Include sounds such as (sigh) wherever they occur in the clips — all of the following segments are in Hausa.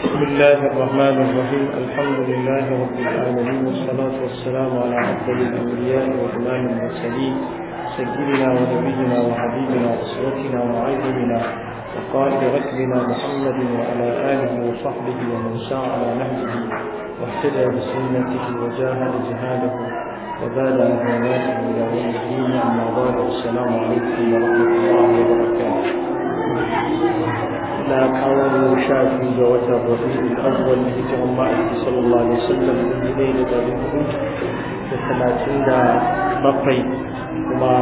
بسم الله الرحمن الرحيم الحمد لله رب العالمين والصلاة والسلام على أفضل الأنبياء وإمام المرسلين سيدنا ونبينا وحبيبنا وأسرتنا وعيدنا وقال ركبنا محمد وعلى آله وصحبه ومن سار على نهجه واهتدى بسنته وجاهد جهاده وبعد عبادات إلى يوم الدين أما بعد السلام عليكم ورحمة الله وبركاته لا قول شاف من جوات الربيع الأول هجر الله صلى الله عليه وسلم من ليلة في بثلاثين بقي وما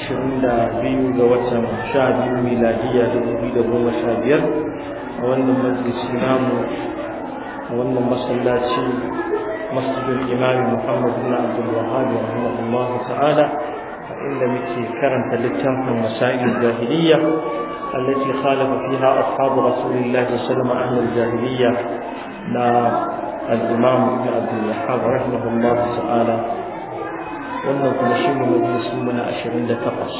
شرين بيو جوات شاف ميلادية لبيد بوم شابير وأن مجلس نامو وأن مصلاتي مسجد الإمام محمد بن عبد الوهاب رحمه الله تعالى فإن مكي كرم تلتم مسائل الجاهلية التي خالف فيها أصحاب رسول الله صلى الله عليه وسلم أهل الجاهلية لا الإمام بن عبد الوهاب رحمه الله تعالى wannan kuma shi ne majalisun mu na ashirin da takwas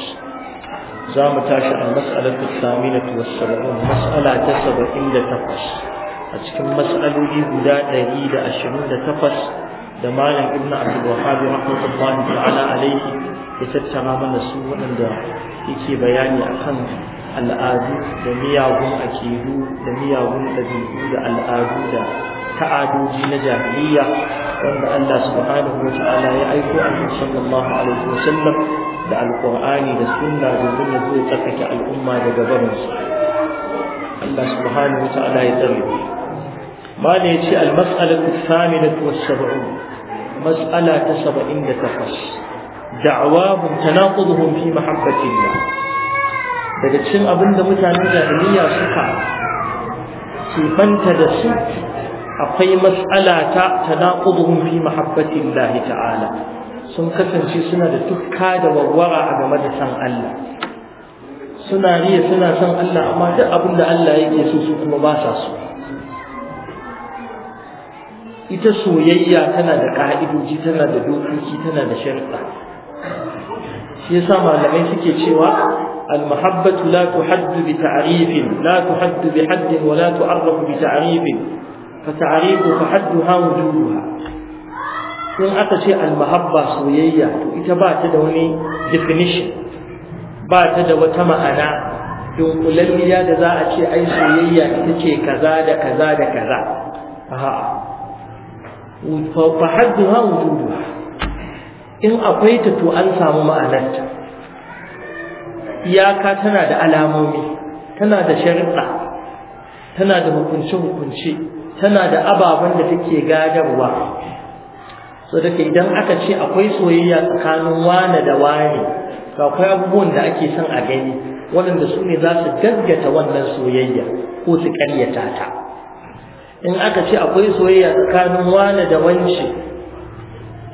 za mu tashi a mas'alatu saminatu mas'ala ta saba'in da takwas a cikin mas'aloli guda 128 da malam ibnu abdul wahhab rahmatullahi ta'ala alaihi ya tattara mana su waɗanda yake bayani akan al'adu da miyagun akidu da miyagun ɗabi'u da al'adu da ta'adoji na jahiliya wanda Allah subhanahu wa ta'ala ya aiko a annabi sallallahu alaihi wa sallam da alqur'ani da sunna domin ya zo ya tsakake al'umma daga barin Allah subhanahu wa ta'ala ya tsare ما ليتي المسألة الثامنة والسبعون مسألة سبعين تقص دعواهم تناقضهم في محبة الله daga cikin abin da mutanen jahiliya suka banta da su akwai mas'ala ta tanaquduhum fi mahabbati ta'ala sun kasance suna da tukka da warwara a game da san Allah suna riya suna san Allah amma duk abinda Allah yake so su kuma ba sa so ita soyayya tana da ka'idoji tana da dokoki tana da sharuɗa shi yasa malamai suke cewa المحبة لا تحد بتعريف لا تحد بحد ولا تعرف بتعريف فتعريف فحدها وجودها in aka ce al-muhabba soyayya to ita ba ta da wani definition ba ta da wata ma'ana dunkulalliya da za a ce ai soyayya ita ce kaza da kaza da kaza a'a fa hadduha wujuduha in akwai ta to an samu ma'anarta iyaka tana da alamomi tana da sharuɗa tana da hukunce-hukunce tana da ababen da take gadarwa so daga idan aka ce akwai soyayya tsakanin wane da wane to akwai abubuwan da ake son a gani waɗanda su ne za su gaggata wannan soyayya ko su ƙaryata ta in aka ce akwai soyayya tsakanin wane da wance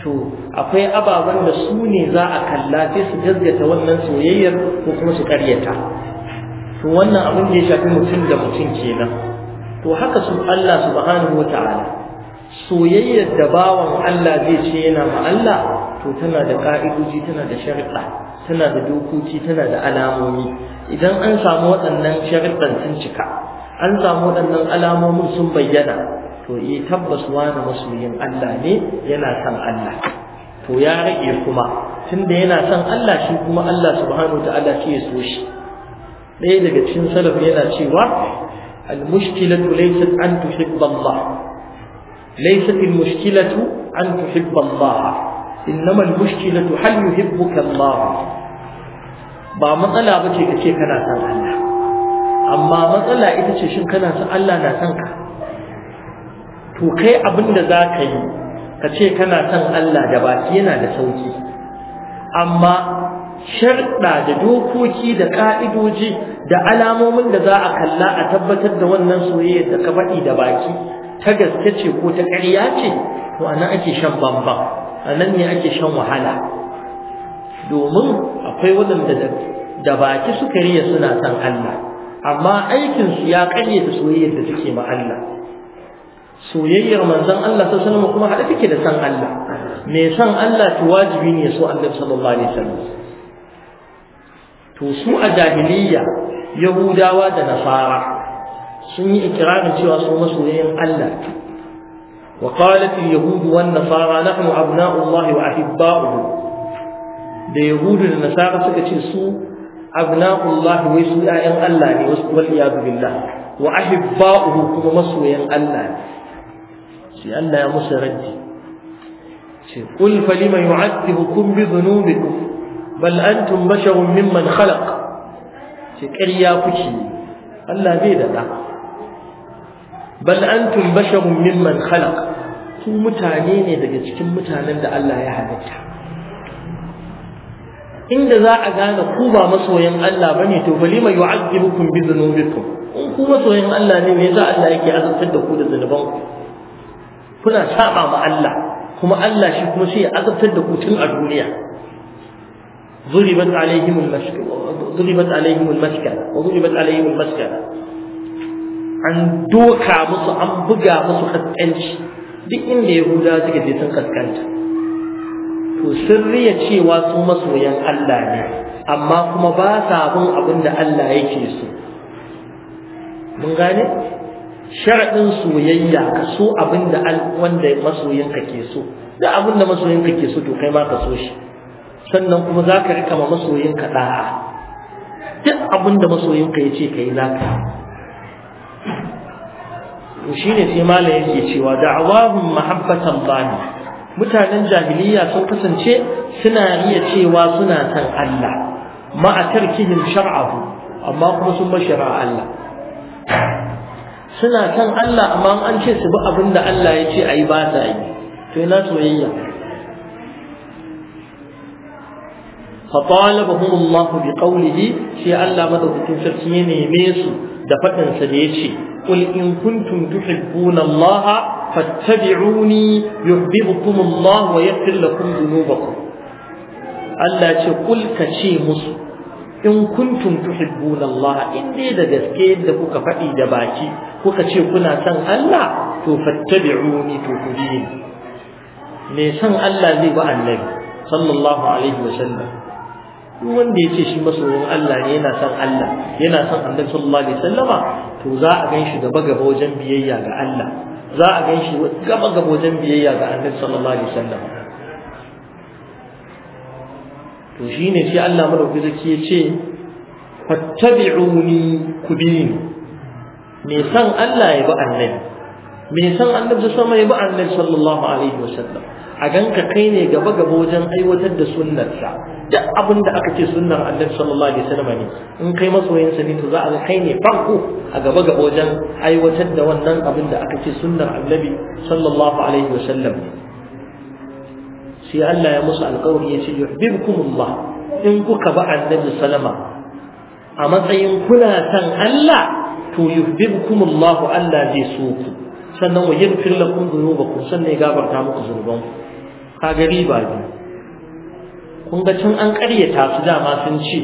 to akwai ababen da su ne za a kalla sai su gaskata wannan soyayyar ko kuma su karyata to wannan abin da ya shafi mutum da mutum kenan to haka su Allah subhanahu wata'ala soyayyar da bawan Allah zai ce yana ma Allah to tana da ka'idoji tana da sharuɗa tana da dokoki tana da alamomi idan an samu waɗannan sharuɗan sun cika an samu waɗannan alamomin sun bayyana to yi eh, tabbas wani masoyin Allah ne yana san Allah to ya rage kuma tunda yana san Allah shi kuma Allah subhanahu ta'ala shi ya so shi ɗaya daga cikin salaf yana cewa al-mushkilatu laysat an tuhibba Allah laysat al-mushkilatu an tuhibba Allah innama al-mushkilatu hal yuhibbuka Allah ba matsala bace kace kana san Allah amma matsala ita ce shin kana san Allah na son ka to kai abin da za ka yi ka ce kana son Allah da baki yana da sauki amma sharɗa da dokoki da ƙa'idoji da alamomin da za a kalla a tabbatar da wannan soyayya da ka faɗi da baki ta gaske ce ko ta ƙarya ce to a nan ake shan bambam a nan ne ake shan wahala domin akwai waɗanda da baki suka riya suna son Allah amma aikin su ya karyata soyayyar da suke ma Allah soyayyar manzon Allah sallallahu alaihi kuma hada take da san Allah me san Allah to wajibi ne so Annabi sallallahu alaihi wasallam to su a jahiliyya Yahudawa da Nasara sun yi ikirarin cewa su masoyan Allah وقالت اليهود والنصارى نحن أبناء الله وأحباؤه da yahudu da nasara suka ce su abna'ullah wai su ƴaƴan Allah ne wasu wal iyadu billah wa ahibba'uhu kuma masoyan Allah ne sai Allah ya musu raddi ce qul falima yu'adhibukum bi dhunubikum bal antum basharun mimman khalaq ce ƙarya kuke Allah bai da da bal antum basharun mimman khalaq ku mutane ne daga cikin mutanen da Allah ya halitta inda za a gane ku ba masoyan Allah ba ne, to bali mai yu'azzibukum bi dhunubikum in ku masoyan Allah ne me yasa Allah yake azabtar da ku da zunuban kuna saba ma Allah kuma Allah shi kuma shi ya azabtar da ku tun a duniya ضربت عليهم المسكنة ضربت عليهم المسكنة وضربت عليهم المسكنة an doka musu an buga musu kaskanci duk inda yahuda suka je sun kaskanta to sirriya cewa sun masoyan Allah ne amma kuma ba sa bin abin da Allah yake so mun gane sharadin soyayya ka so abin da wanda ka ke so da abin da ka ke so to kai ma ka so shi sannan kuma za ka rika ma ka da'a duk abin da masoyin ya ce ka yi za ka to shine sai malam yake cewa da'awahum mahabbatan bani mutanen jahiliya sun kasance suna iya cewa suna san Allah a tarkihim shar'ahu amma kuma sun bar Allah suna san Allah amma an ce su bi abin da Allah ya ce ayi ba ta yi to ina soyayya fa talabahum Allah bi qawlihi shi Allah madaukakin sarki ya neme su da faɗinsa da ya ce qul in kuntum tuhibbuna allaha fattabi'uni yuhibbukum allah wa yaghfir lakum dhunubakum Allah ce qul ka ce musu in kuntum tuhibbuna allah in da gaske da kuka faɗi da baki kuka ce kuna son Allah to fattabi'uni to ku bi ni me son Allah zai ba annabi sallallahu alaihi wa sallam ko wanda yace shi masoyin Allah ne yana son Allah yana son Annabi sallallahu alaihi wasallama to za a ganshi gaba gaba wajen biyayya ga Allah za a ganshi gaba gaba wajen biyayya ga Annabi sallallahu alaihi wasallama to shine sai Allah madauki zaki yace fattabi'uni kubini me san Allah ya bi annabi me san annabi sama ya annabi sallallahu alaihi wasallam a ganka kai ne gaba gaba wajen aiwatar da sunnarsa duk abin da aka ce sunnar annabi sallallahu alaihi wasallam ne in kai masoyin sa ne to za a ga kai ne farko a gaba gaba wajen aiwatar da wannan abin da aka ce sunnar annabi sallallahu alaihi wasallam ne sai Allah ya musu alƙawari ya ce yuhibbukumullah in kuka ba annabi sallama a matsayin kuna san Allah to yuhibbukumullah Allah zai so ku sannan wa yaghfir lakum dhunubakum sannan ya gafarta muku zunubanku kaga riba ne kun ga can an ƙaryata su dama sun ce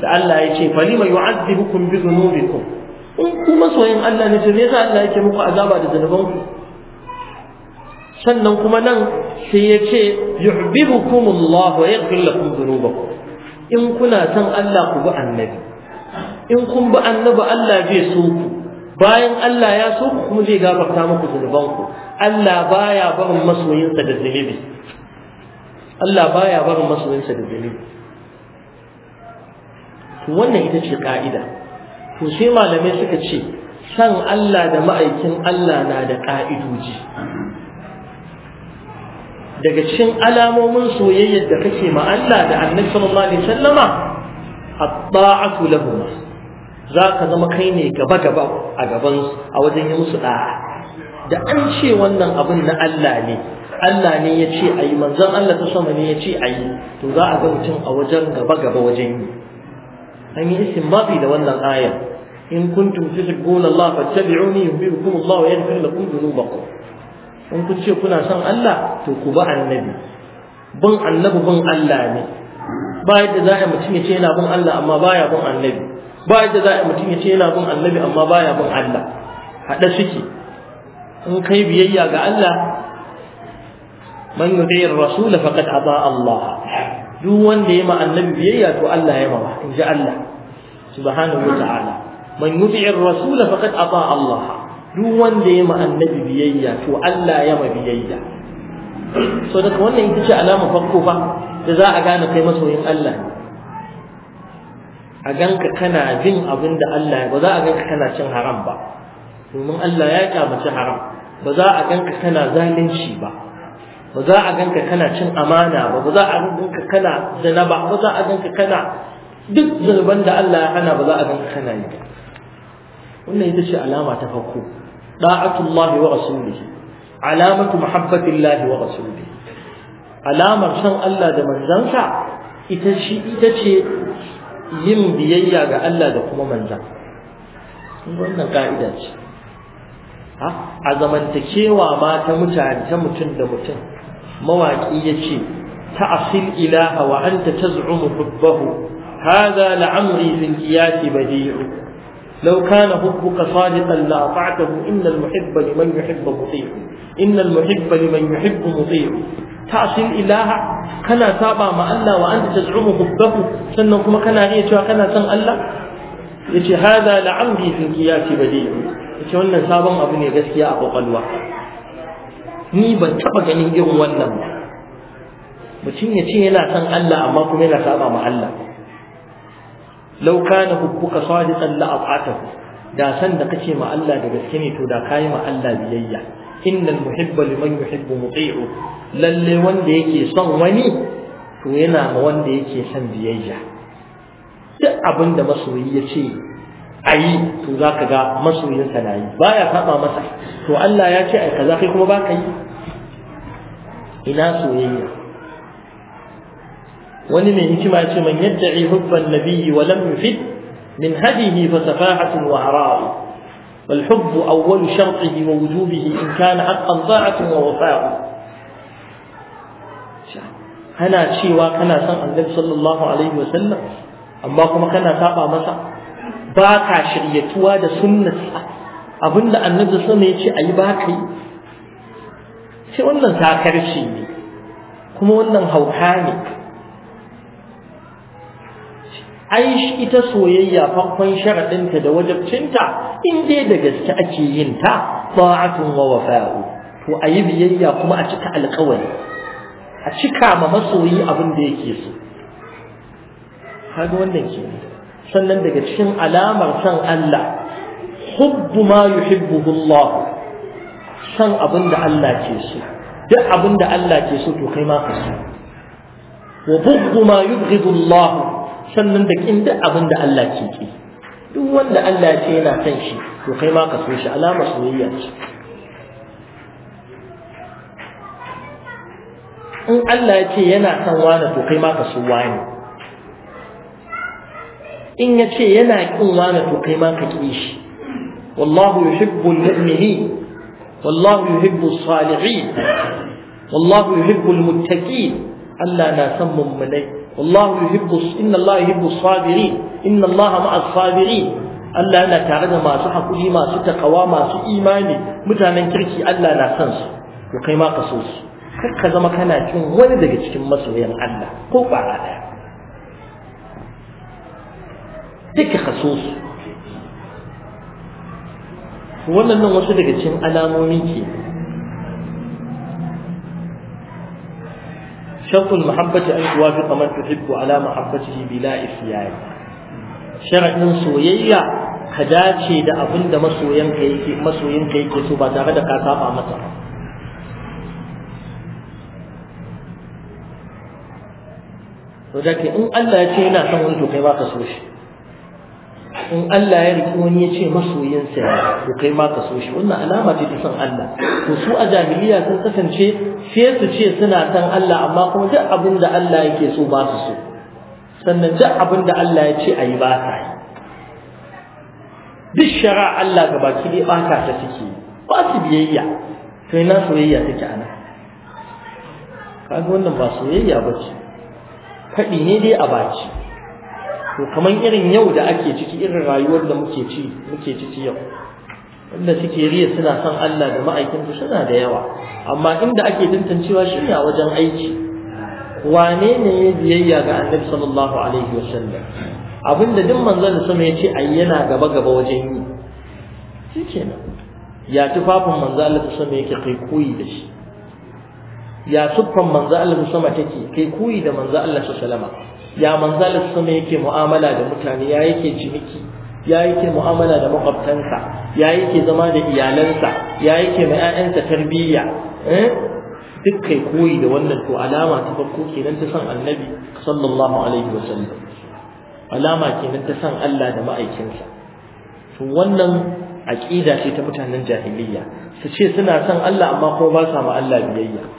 da Allah ya ce falima yu'adhibukum bi dhunubikum in kuma masoyin Allah ne to me yasa Allah yake muku azaba da zanubanku sannan kuma nan sai ya ce yuhibbukum Allah wa yaghfir lakum dhunubakum in kuna san Allah ku bi annabi in kun bi annabi Allah zai so ku bayan Allah ya so ku kuma zai gafarta muku zanubanku Allah baya barin masoyinsa da zunubi Allah baya barin masoyinsa da zunubi wannan ita ce ka'ida to sai malamai suka ce san Allah da ma'aikin Allah na da ka'idoji daga cikin alamomin soyayyar da kake ma Allah da Annabi sallallahu alaihi wasallama at-ta'atu lahum zaka zama kai ne gaba gaba a gaban a wajen yi musu da'a da an ce wannan abin na Allah ne Allah ne ya ce a ayi manzon Allah ta sama ne ya ce yi, to za a ga mutum a wajen gaba gaba wajen yi an yi istinbati da wannan aya in kuntum tuhibbuna Allah fattabi'uni yuhibbukum Allah wa yaghfir lakum dhunubakum in kun ce kuna son Allah to ku ba annabi bin annabi bin Allah ne ba yadda za a mutum ya ce yana bin Allah amma baya bin annabi ba yadda za a mutum ya ce yana bin annabi amma baya bin Allah haɗa suke in kai biyayya ga Allah man yuti'ir rasul faqad ata Allah duk wanda yayi ma annabi biyayya to Allah ya mawa inji Allah subhanahu ta'ala. man yuti'ir rasul faqad ata Allah duk wanda yayi ma annabi biyayya to Allah ya ma biyayya so daga wannan ita ce alama farko fa da za a gane kai masoyin Allah a ganka kana jin abin da Allah ya ba za a ganka kana cin haram ba domin Allah ya kyamaci haram ba za a ganka kana zalunci ba ba za a ganka kana cin amana ba ba za a ganka kana zina ba ba za a ganka kana duk zunuban da Allah ya hana ba za a ganka kana yi wannan ita ce alama ta farko da'atullahi wa rasulihi alamatu muhabbatillahi wa rasulihi alamar san Allah da manzansa ita shi ita ce yin biyayya ga Allah da kuma manzansa wannan ka'ida ce a zamantakewa ma ta mutane ta mutun da mutun mawaki yace ta asil ilaha wa anta taz'umu hubbahu hadha la'amri fil qiyas badi'u law kana hubbuka sadiqan la ata'tahu inna al-muhibba liman yuhibbu muti' inna al-muhibba liman yuhibbu muti' asil ilaha kana saba ma Allah wa anta taz'umu hubbahu sannan kuma kana iya cewa kana san Allah yace hadha la'amri fil qiyas badi'u ce wannan sabon abu ne gaskiya a kwakwalwa ni ban taɓa ganin irin wannan ba mutum ya ce yana san Allah amma kuma yana saba ma Allah lau kana hubbuka sadiqan a afatahu da san da kace ma Allah da gaske ne to da kai ma Allah biyayya innal muhibba liman yuhibbu muti'u lalle wanda yake son wani to yana ma wanda yake son biyayya duk abin da masoyi ya ce a yi to za ka ga masoyinsa na yi ba ya masa to Allah ya ce a za kai kuma ba ka yi ina soyayya wani mai hikima ce man yadda'i hubban nabiyyi wa lam yufid min hadihi fa safahatun wa awwalu والحب أول شرطه in kana كان حقا طاعة ووفاء Kana cewa kana san النبي sallallahu alaihi wa sallam amma kuma kana تابع masa. ba ka shiryatuwa da abin da annabi sama ya ce a yi ba ka yi sai wannan karshe ne kuma wannan hauka ne ai ita soyayya farkon sharaɗinta da wajabcinta in dai da gaske ake yin ta ba'atun wa wafa'u to a yi biyayya kuma a cika alkawari a cika ma masoyi abin da yake so kaga wannan kenan sannan daga cikin alamar san Allah hubbu ma yuhibbuhu Allah san abin da Allah ke so duk abin da Allah ke so to kai ma ka so wa bughdu ma yubghidu Allah sannan da kin duk abin da Allah ke ki duk wanda Allah ya ce yana son shi to kai ma ka so shi alamar soyayya ce in Allah ya ce yana son wani to kai ma ka so wani in ya ce yana ƙin wani to kai ma ka ƙi shi wallahu yuhibbu al-mu'minin wallahu yuhibbu as-salihin wallahu yuhibbu al-muttaqin Allah na san mummunai wallahu yuhibbu inna Allah yuhibbu as-sabirin inna Allah ma'a as-sabirin Allah yana tare da masu hakuri masu takawa masu imani mutanen kirki Allah na san su to kai ma ka so su kar ka zama kana cin wani daga cikin masoyan Allah ko ba daya duka kaso wannan nan wasu daga cikin alamomi ke shakul muhabbati an kuwa fi kamar tuhibbu ala muhabbatihi bila isyani sharadin soyayya ka dace da abin da masoyanka yake masoyinka yake so ba tare da ka saba masa to da ke in Allah ya ce yana son wani to kai ba ka so shi in Allah ya riƙe wani ya ce masoyinsa ya to kai ma ka so shi wannan alama ce ta san Allah to su a jahiliya sun kasance sai su ce suna san Allah amma kuma duk abin da Allah yake so ba su so sannan duk abin da Allah ya ce a yi ba sa yi duk shara Allah ga baki dai ka ta suke ba su biyayya to ina soyayya take ana kaga wannan ba soyayya ba ce faɗi ne dai a baci to kamar irin yau da ake ciki irin rayuwar da muke ci muke ciki yau wanda suke riya suna son Allah da ma'aikinta suna da yawa amma inda ake tantancewa shi ne a wajen aiki wane ne ya biyayya ga annabi sallallahu alaihi wasallam abinda duk manzon sama ya ce ai yana gaba gaba wajen yi shikenan ya tufafin manzon Allah sama yake kai koyi da shi ya suffan manzo Allah sama take kai koyi da manzo Allah wasallam ya manzala sama yake mu'amala da mutane ya yake ciniki ya yake mu'amala da makwabtansa ya yake zama da iyalansa ya yake mai ƴaƴansa tarbiyya eh? duk kai koyi da wannan to alama ta farko kenan ta san annabi sallallahu alaihi wa sallam alama kenan ta san Allah da ma'aikinsa to wannan aqida ce ta mutanen jahiliyya su ce suna san Allah amma kuma ba sa ma Allah biyayya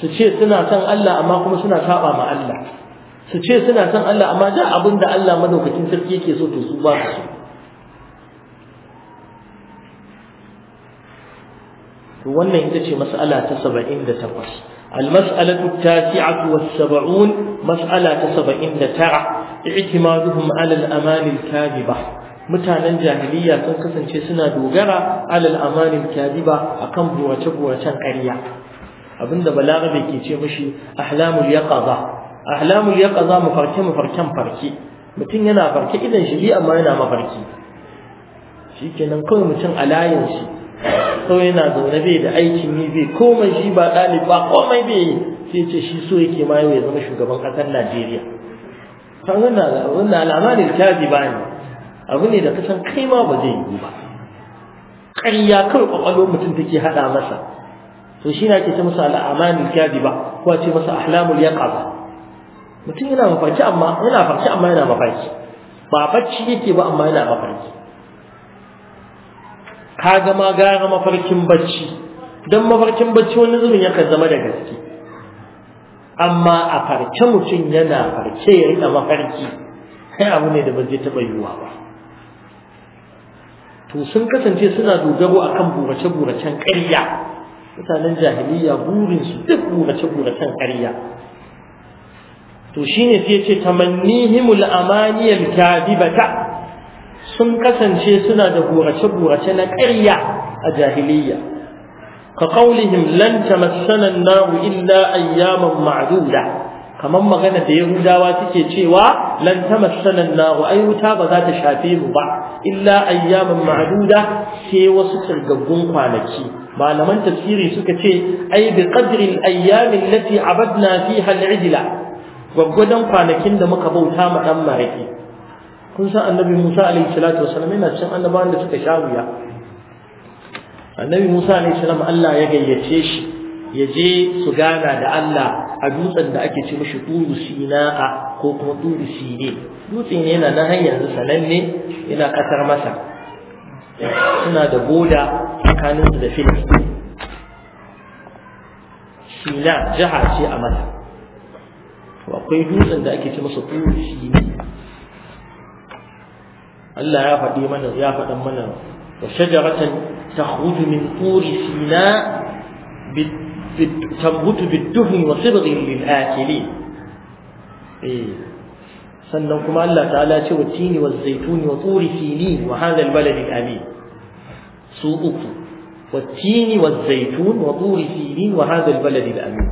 su ce suna son Allah amma kuma suna saba ma Allah su ce suna son Allah amma da abin da Allah madaukakin sarki yake so to su ba su to wannan ita ce mas'ala ta 78 al-mas'alatu at-tasi'atu was-sab'un mas'ala ta 79 i'timaduhum 'ala al-amani al-kadhiba mutanen jahiliya sun kasance suna dogara 'ala amanin amani akan burace-buracen karya. abinda balarabe ke ce mashi ahlamul yaqaza ahlamul yaqaza mafarke mafarken farke mutum yana farke idan shi bi amma yana mafarki shikenan kawai mutum a layin shi kawai yana zaune bai da aikin yi bai komai shi ba ɗalibi ba komai bai yi sai ce shi so yake ma ya zama shugaban ƙasar Najeriya kan wannan wannan al'amarin kazi ba ne abu ne da kasan kai ma ba zai yi ba ƙarya kawai ƙwaƙwalwar mutum take haɗa masa to shi na ke ta masa al'amanin kadiba ko ce masa ahlamul yaqaba mutum yana mafarki amma yana farki amma yana mafarki ba bacci yake ba amma yana mafarki ka ga ma gara mafarkin bacci don mafarkin bacci wani zubin yakan zama da gaske amma a farke mutum yana farke ya rika mafarki kai abu ne da ba zai taɓa yiwuwa ba to sun kasance suna dogaro akan burace-buracen ƙarya mutanen jahiliya burinsu duk burace-buracen ƙarya to shine sai ce himul amaniyal kadibata sun kasance suna da burace-burace na ƙarya a jahiliya ka qaulihim lan tamassana an-nar illa ayyaman ma'duda Kamar magana da yahudawa suke cewa lan tamassana an-nar ai wuta ba za ta shafe mu ba illa ayyaman ma'duda sai wasu kirgaggun kwanaki malaman tafsiri suka ce ai bi qadri al-ayyam allati abadna fiha al-ijla gwaggwadon kwanakin da muka bauta ma dan maraki kun san annabi Musa alaihi salatu wasallam yana cin annabawan da suka sha wuya annabi Musa alaihi salam Allah ya gayyace shi ya je su gana da Allah a dutsen da ake ce mishi Turu Sina'a ko kuma turi sine dutse ne yana nan har yanzu sananne yana kasar masa suna da goda tsakaninsu da filin. sina jiha ce a masa akwai dutsen da ake ce masa turi sine Allah ya faɗi mana ya faɗan mana wa shajaratan takhruju min turi sina bi تنبت بالدهن وصبغ للآكلين sannan kuma Allah ta'ala ce wa tini wa zaituni wa turi sini wa hadha albalad alamin su uku wa tini wa zaitun wa turi sini wa hadha albalad alamin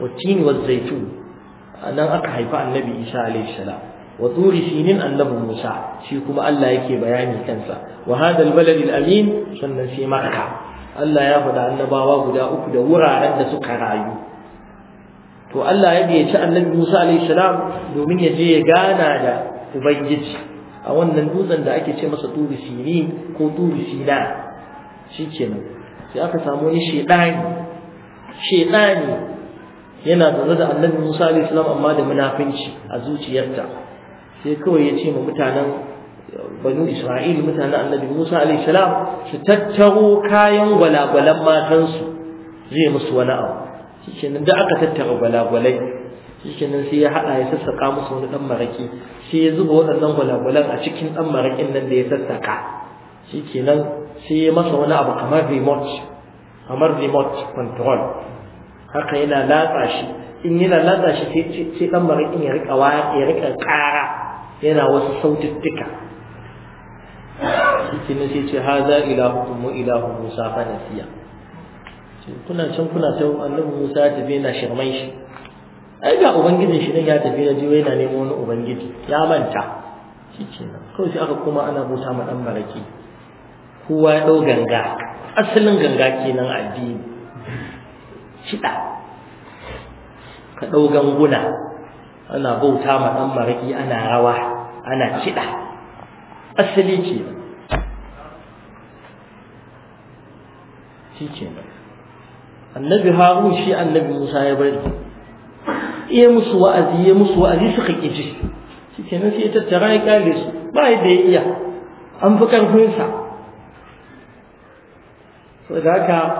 wa tini wa zaitun nan aka haifa annabi Isa alaihi salam wa turi sinin annabi Musa shi kuma Allah yake bayani kansa wa hadha albalad alamin sannan shi Makka Allah ya faɗa annabawa guda uku da wuraren da suka rayu to Allah ya gayyaci annabi Musa alaihi salam domin ya je ya gana da ubangiji a wannan dutsen da ake ce masa turi sini ko turi sina shikenan sai aka samu wani shedani shedani yana zaune da annabi Musa alaihi salam amma da munafinci a zuciyarta sai kawai ya ce ma mutanen banu Isra'il mutanen annabi Musa alaihi salam su tattaro kayan gwalagwalan matansu zai musu wani abu shikenan da aka tattara gwalagwalai shikenan sai ya haɗa ya sassaka musu wani ɗan maraki sai ya zuba waɗannan gwalagwalan a cikin ɗan marakin nan da ya sassaka shikenan sai ya masa wani abu kamar remote kamar remote control haka yana latsa shi in yana latsa shi sai ɗan marakin ya rika ya rika ƙara yana wasu saututtuka shikenan sai ce haza ilahu wa ilahu musa fa nasiya kuna can kuna ta annabi Musa ya tafi yana shirman shi ai ga ubangiji shi ne ya tafi da jiwa yana neman wani ubangiji ya manta shikenan kawai sai aka kuma ana bauta ma dan baraki kowa ya dau ganga asalin ganga kenan addini shida ka dau ganguna ana bauta ma dan baraki ana rawa ana kiɗa asali kenan shikenan النبي هارون شيء النبي موسى يبرد يا إيه مسوا أذي يا إيه مسوا أذي سخي كيفش شيء نسي كاليس ما يدي يا أم فكر فينسا فذاك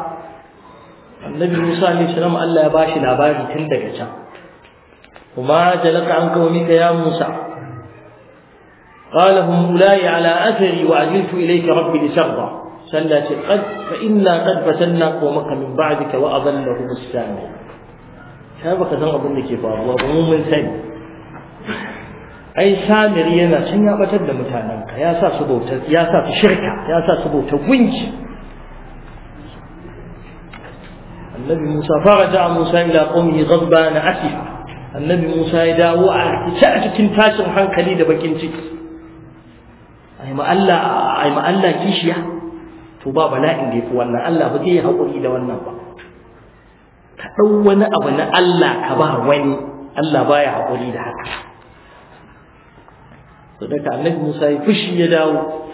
النبي موسى عليه السلام الله يباشي لاباري تندك شام وما جلق عن قومك يا موسى قال هم أولاي على أثري وعجلت إليك ربي لشرطة sallah ce qad fa inna qad fatanna qawmaka min ba'dika wa adallahum as-sami ta baka san abin da ke faruwa ba mun sani ai samir yana can ya batar da mutanenka ya sa su bautar ya sa su shirka ya sa su bautar gunki annabi musa faraja musa ila qawmihi ghadban asifa annabi musa ya dawo a a cikin tashin hankali da bakin ciki ai ma Allah ai ma Allah kishiya to ba bala'in da ya fi wannan Allah ba zai haƙuri da wannan ba ka ɗau wani abu na Allah ka ba wani Allah baya haƙuri da haka to daga annabi Musa ya fushi ya dawo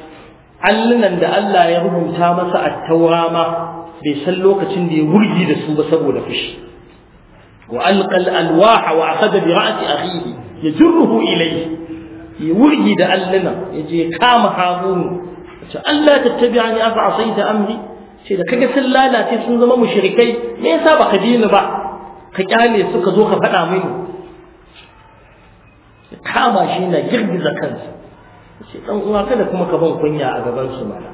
allunan da Allah ya rubuta masa a taurama bai san lokacin da ya wurgi da su ba saboda fushi wa alqal alwaha wa akhadha bi ra'si akhihi yajruhu ilayhi ya wurgi da allunan ya je kama harun ce Allah tattabi'ani afa asaita amri ce da kaga sun lalace sun zama mushrikai me yasa baka bi ba ka kyale su ka zo ka faɗa mini kama shi na girgiza kansa ce dan uwa kada kuma ka ban kunya a gaban su mana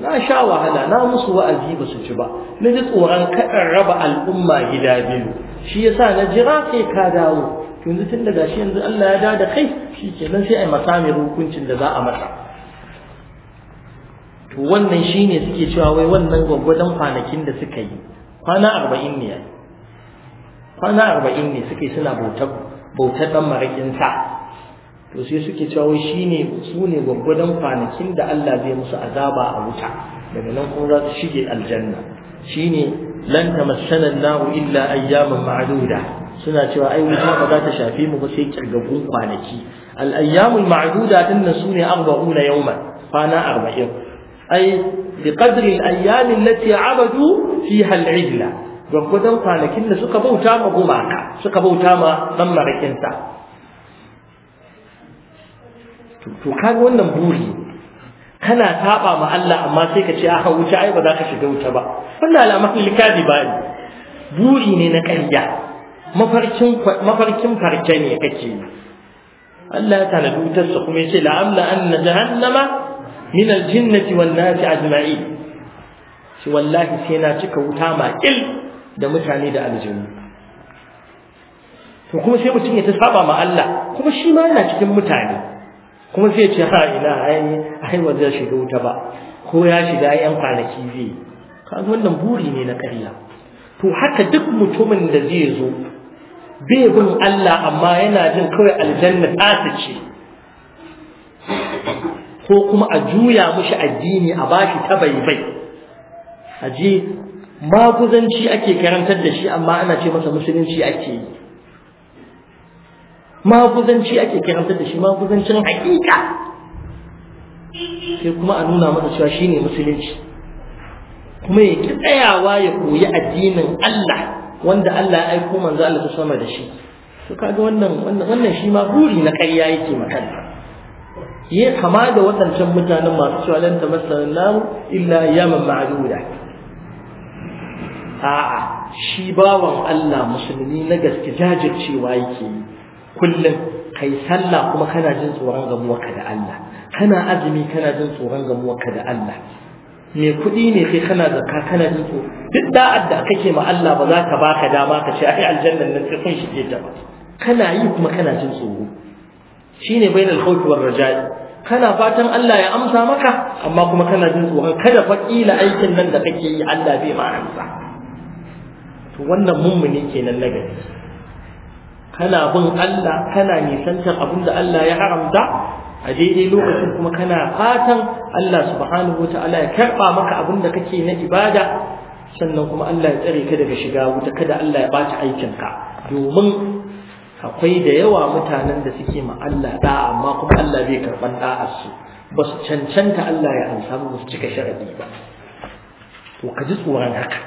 na sha wahala na musu wa'azi ba su ci ba na ji tsoron kaɗan raba al'umma gida biyu shi yasa na jira sai ka dawo yanzu tun daga shi yanzu Allah ya da kai shi ke nan sai a yi masa mai hukuncin da za a masa to wannan shine suke cewa wai wannan gwaggwadon kwanakin da suka yi kwana arba'in ne kwana arba'in ne suka suna bautar bautar dan maraƙin to sai suke cewa wai shine su ne gwaggwadon kwanakin da Allah zai musu azaba a wuta daga nan kuma za su shige aljanna shine lan tamassana an-naru illa ayyaman ma'duda suna cewa ai wuta ba za ta shafe mu ba sai kirgagun kwanaki al-ayyamul ma'duda dinnan sune 40 yawma kwana 40 ai bi qadri al-ayyam allati abadu fiha al-ijla gwargwadon kwanakin da suka bauta ma gumaka suka bauta ma dan to kaga wannan buri kana taba ma Allah amma sai ka ce aka wuce ai ba za ka shiga wuta ba wannan al'amarin likadi ba ne buri ne na karya, mafarkin mafarkin farke ne kake Allah ya tanadi wutarsa kuma ya ce la'amla anna jahannama min aljinnati wan nasi ajma'in shi wallahi sai na cika wuta ma il da mutane da aljinnu to kuma sai mutum ya ta saba ma Allah kuma shi ma yana cikin mutane kuma sai ce ha ila ai ai wanda shiga wuta ba ko ya shiga yan kwanaki zai kaga wannan buri ne na ƙarya to haka duk mutumin da zai zo bai bin Allah amma yana jin kawai aljanna ta ce ko kuma a juya mushi addini a bashi ta baibai aji maguzanci ake karantar da shi amma ana ce masa musulunci ake yi maguzanci ake karantar da shi maguzancin hakika sai kuma a nuna masa cewa shine musulunci kuma ya ki tsayawa ya koyi addinin Allah wanda Allah ya aiko manzo Allah ta sama da shi to kaga wannan wannan wannan shi ma buri na ƙarya yake makanta yi kama da waɗancan mutanen masu cewa lan tamassan namu illa yaman ma'duda a'a shi bawan Allah musulmi na gaske jajircewa yake yi. kullum kai sallah kuma kana jin tsoron gamuwarka da Allah kana azumi kana jin tsoron gamuwarka da Allah me kuɗi ne kai kana zakka kana jin tsoron. duk da'ad da kake ma Allah ba za ka baka dama ka ce ai aljannan nan sai kun shige ta ba kana yi kuma kana jin tsoro shine bainal khawfi war raja'i kana fatan Allah ya amsa maka amma kuma kana jin tsoron kada fa kila aikin nan da kake yi Allah bai ma amsa to wannan mummuni kenan na gari kana bin Allah kana nisantar abin da Allah ya haramta a daidai lokacin kuma kana fatan Allah subhanahu ta'ala ya karba maka abin da kake na ibada sannan kuma Allah ya tsare ka daga shiga wuta kada Allah ya bata aikinka domin akwai da yawa mutanen da suke ma Allah amma kuma Allah bai karban da'ar su ba su cancanta Allah ya amsa ba su cika sharadi ba to ka ji tsoron haka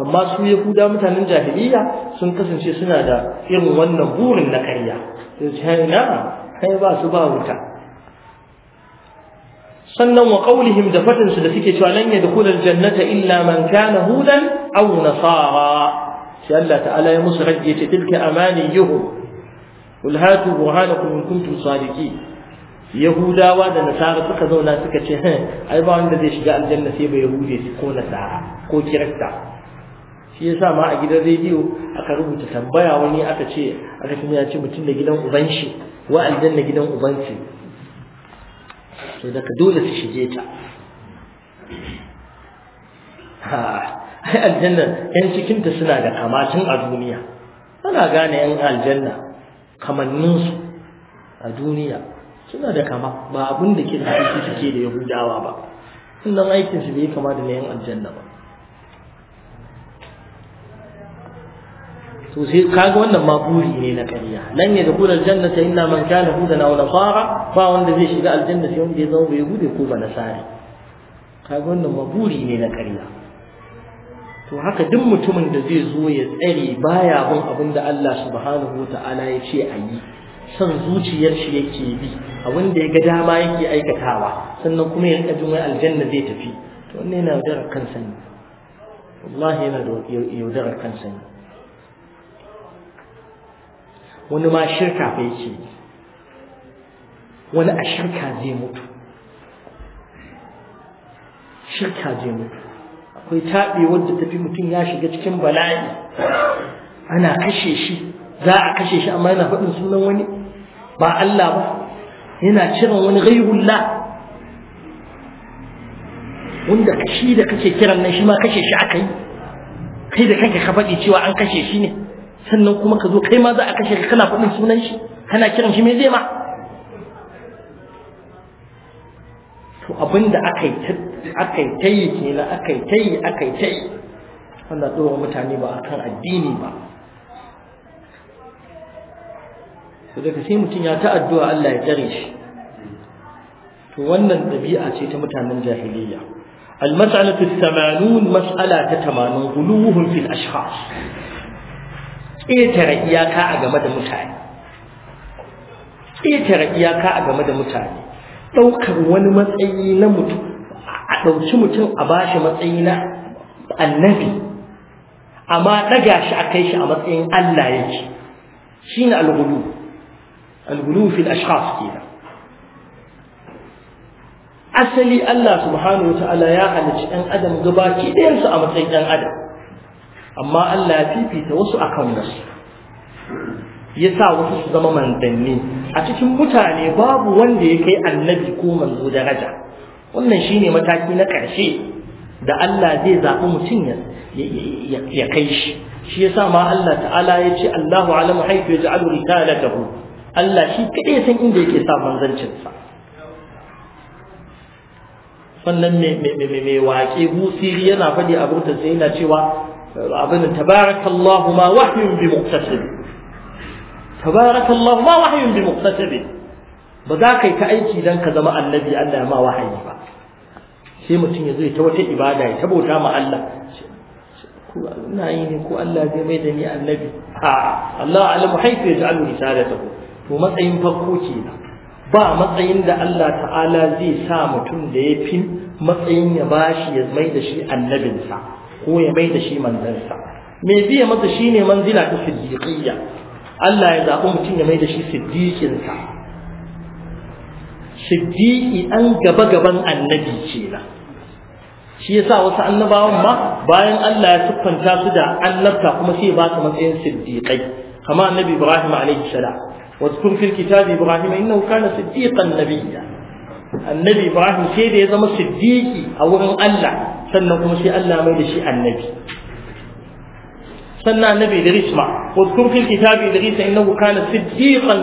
amma su yahuda mutanen jahiliya sun kasance suna da irin wannan burin na ƙarya sai ce na kai ba su ba wuta sannan wa qaulihim da fadin su da suke cewa lan yadkhulul jannata illa man kana hudan aw nasara sai Allah ta'ala ya musu raddi yace tilka amaniyuhum qul hatu burhanakum in kuntum sadiqin yahudawa da nasara suka zauna suka ce ai ba wanda zai shiga aljanna sai ba yahude ko nasara ko kirista shi yasa ma a gidan rediyo aka rubuta tambaya wani aka ce aka kuma ya ce mutum da gidan uban shi wa aljanna gidan uban shi to daga dole su shige ta ha ai aljanna yan cikinta suna da kamacin a duniya ana gane yan aljanna kamanninsu a duniya suna da kama ba abin da ke da suke da yahudawa ba sannan aikinsu bai kama da na yan aljanna ba to sai kaga wannan ma buri ne na ƙarya ne da dukul aljanna ta illa man kana na wala fara ba wanda zai shiga aljanna sai wanda ya zama bai gude ko ba nasari kaga wannan ma buri ne na ƙarya to haka duk mutumin da zai zo ya tsare baya bin abin da Allah subhanahu wa ta'ala ya ce a yi son zuciyar shi yake bi abin da ya ga dama yake aikatawa sannan kuma ya rika wai aljanna zai tafi to wannan yana da kansa ne wallahi yana da yaudarar kan sani. wani ma shirka fa yake wani a shirka zai mutu shirka zai mutu akwai taɓe wadda fi mutum ya shiga cikin bala'i ana kashe shi za a kashe shi amma yana faɗin sunan wani ba Allah ba yana kiran wani ghairullah wanda shi da kake kiran nan shi ma kashe shi aka yi kai da kanka ka faɗi cewa an kashe shi ne sannan kuma ka zo kai ma za a kashe ka kana faɗin sunan shi kana kiran shi me zai ma to abinda aka yi akai tayi na akai tayi akai tayi Allah dora mutane ba akan addini ba to daga sai mutum ya ta addu'a Allah ya tsare shi to wannan dabi'a ce ta mutanen jahiliya المسألة الثمانون مسألة تتمانون غلوهم في الأشخاص ƙetare iyaka a game da mutane ƙetare iyaka a game da mutane ɗaukar wani matsayi na mutum a ɗauki mutum a bashi matsayi na annabi amma ɗaga shi a kai shi a matsayin Allah yake shi ne algulu algulu fil ashkhas kenan asali Allah subhanahu wa ta'ala ya halicci ɗan adam gabaki ɗayansu a matsayin ɗan adam amma Allah ya fifita wasu kan wasu ya sa wasu su zama manzanni a cikin mutane babu wanda ya kai annabi ko manzo daraja wannan shine mataki na ƙarshe da Allah zai zaɓi mutum ya kai shi shi yasa ma Allah ta'ala ya ce Allahu alamu haifu ya ja'alu risalatahu Allah shi kaɗai san inda yake sa manzancinsa sannan mai waƙe busiri yana faɗi a burta sai yana cewa abin tabarakallahu ma wahyun bi muqtasib tabarakallahu ma wahyun bi muqtasib ba za ka yi ta aiki dan ka zama annabi Allah ya ma wahayi ba sai mutum ya zo ta wata ibada ya tabauta ma Allah ko ina yi ne ko Allah zai mai da ni annabi a Allah alamu haifu ya ja'alu risalatahu to matsayin farko kenan ba matsayin da Allah ta'ala zai sa mutum da ya fi matsayin ya bashi ya mai da shi annabinsa ko ya mai da shi manzansa mai biya masa shine manzila ta siddiqiyya Allah ya zaɓi mutum ya mai da shi siddiqinsa siddiƙi ɗan gaba-gaban annabi ce na shi ya sa wasu annabawan ma bayan Allah ya siffanta su da annabta kuma sai ba su matsayin siddiƙai kama annabi ibrahim alaihi salam wasu kun kitabi ibrahim inna hukar na siddiƙan nabiya annabi ibrahim sai da ya zama siddiƙi a wurin Allah sannan kuma sai Allah mai da shi annabi sannan annabi idris wasu kun fi kitabi idris inna hukar na siddiƙan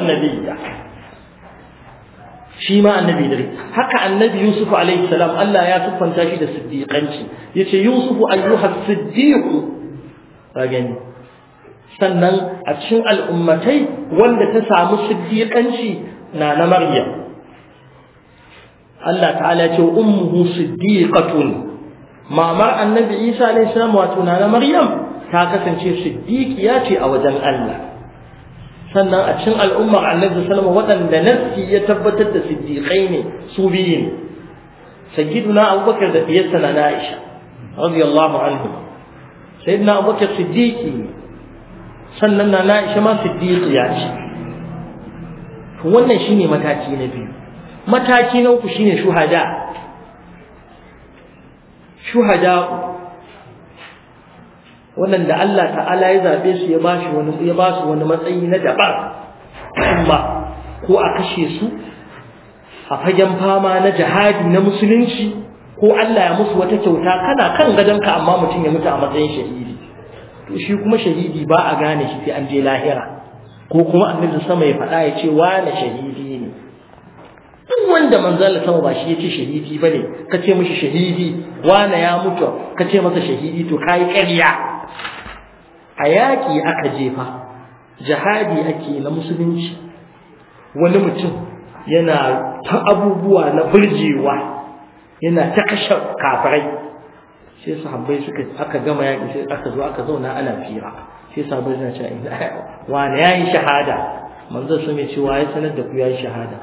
shi ma annabi dare haka annabi yusuf alaihi salam Allah ya tuffanta shi da siddiqanci yace yusuf ayyuha siddiq sannan a cikin al'ummatai wanda ta samu siddiqanci na na maryam Allah ta'ala ce ummuhu siddiqatun mamar annabi isa alaihi salam wato na na maryam ta kasance siddiqiya ce a wajen Allah sannan a cikin al'ummar annabi sallallahu waɗanda nassi ya tabbatar da siddiƙai ne su biyu ne sayyiduna abubakar da diyarsa na aisha radiyallahu anhu sayyiduna abubakar siddiqi sannan na aisha ma ya ce to wannan shine mataki na biyu mataki na uku shine shuhada shuhada waɗanda Allah ta'ala ya zaɓe su ya ba shi wani ya ba su wani matsayi na daba amma ko a kashe su a fagen fama na jihadi na musulunci ko Allah ya musu wata kyauta kana kan gadon ka amma mutum ya mutu a matsayin shahidi to shi kuma shahidi ba a gane shi sai an je lahira ko kuma annabi sama ya faɗa ya ce wani shahidi ne duk wanda manzala sama ba shi ya shahidi bane ka ce mishi shahidi wani ya mutu ka ce masa shahidi to kai ƙarya a yaƙi aka jefa jihadi ake na musulunci wani mutum yana ta abubuwa na burjewa yana ta kashe kafirai sai sahabbai suka aka gama yaƙi sai aka zo aka zauna ana fira sai sahabbai suna cewa wani ya yi shahada manzo su mai cewa ya sanar da ku ya yi shahada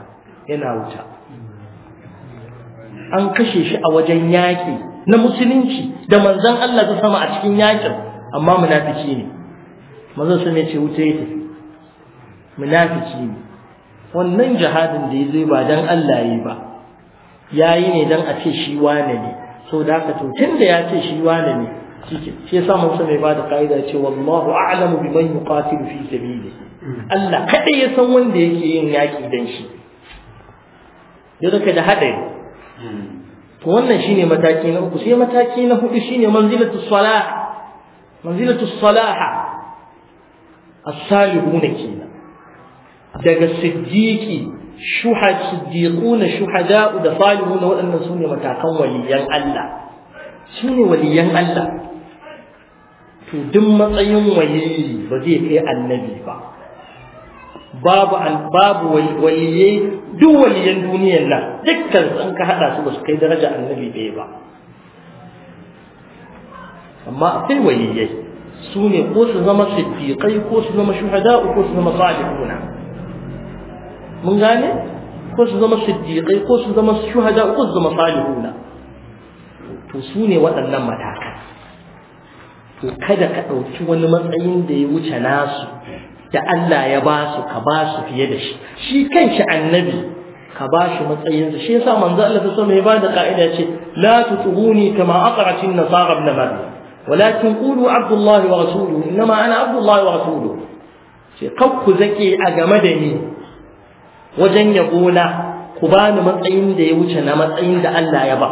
yana wuta an kashe shi a wajen yaƙi na musulunci da manzon Allah ta sama a cikin yaƙin amma munafiki ne manzo sun ce wuce yake munafiki ne wannan jihadin da ya zai ba dan Allah yi ba yayi ne dan a ce shi wane ne so da haka to tunda ya ce shi wane ne shi shi sa mun mai ba bada kaida ce wallahu a'lamu biman yuqatilu fi sabilihi Allah kada ya san wanda yake yin yaki dan shi yadda da hadari to wannan shine mataki na uku sai mataki na hudu shine manzilatu salah manzilatu salaha as-salihun kenan daga siddiqi shuhad siddiquna shuhada'u da salihuna waɗannan sune matakan waliyan Allah sune waliyan Allah to duk matsayin waliyi ba zai kai annabi ba babu babu waliyai duk waliyan duniyar nan dukkan sun ka hada su ba su kai daraja annabi bai ba amma akwai waliyyai su ne ko su zama siddiƙai ko su zama shuhada'u ko su zama salihuna mun gane ko su zama siddiƙai ko su zama shuhada'u ko su zama salihuna to su ne waɗannan matakan to kada ka ɗauki wani matsayin da ya wuce nasu da Allah ya ba su ka ba su fiye da shi shi kanshi annabi ka ba shi matsayinsa shi yasa manzo Allah ta sama ya ba da ka'ida ce la tutuhuni kama aqratin nasara ibn maryam walakin qulu abdullahi wa rasuluhu inma ana abdullahi wa rasuluhu ce kakku zake a game da ni wajen ya na ku bani matsayin da ya wuce na matsayin da Allah ya ba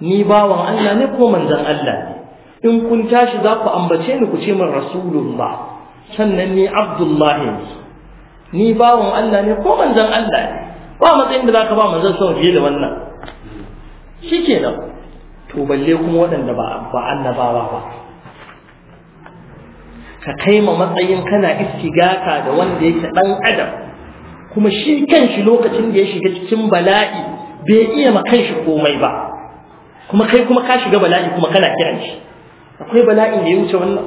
ni bawan Allah ne ko manzon Allah ne in kun tashi za ku ambace ni ku ce min rasulun ba, sannan ni abdullahi ni bawan Allah ne ko manzon Allah ne ba matsayin da zaka ba manzon sama fiye da wannan shikenan to balle kuma waɗanda ba annabawa ba ka kai ma matsayin kana istigaka da wanda yake ɗan adam kuma shi kanshi lokacin da ya shiga cikin bala'i bai iya ma kanshi komai ba kuma kai kuma ka shiga bala'i kuma kana kiran shi akwai bala'in da ya wuce wannan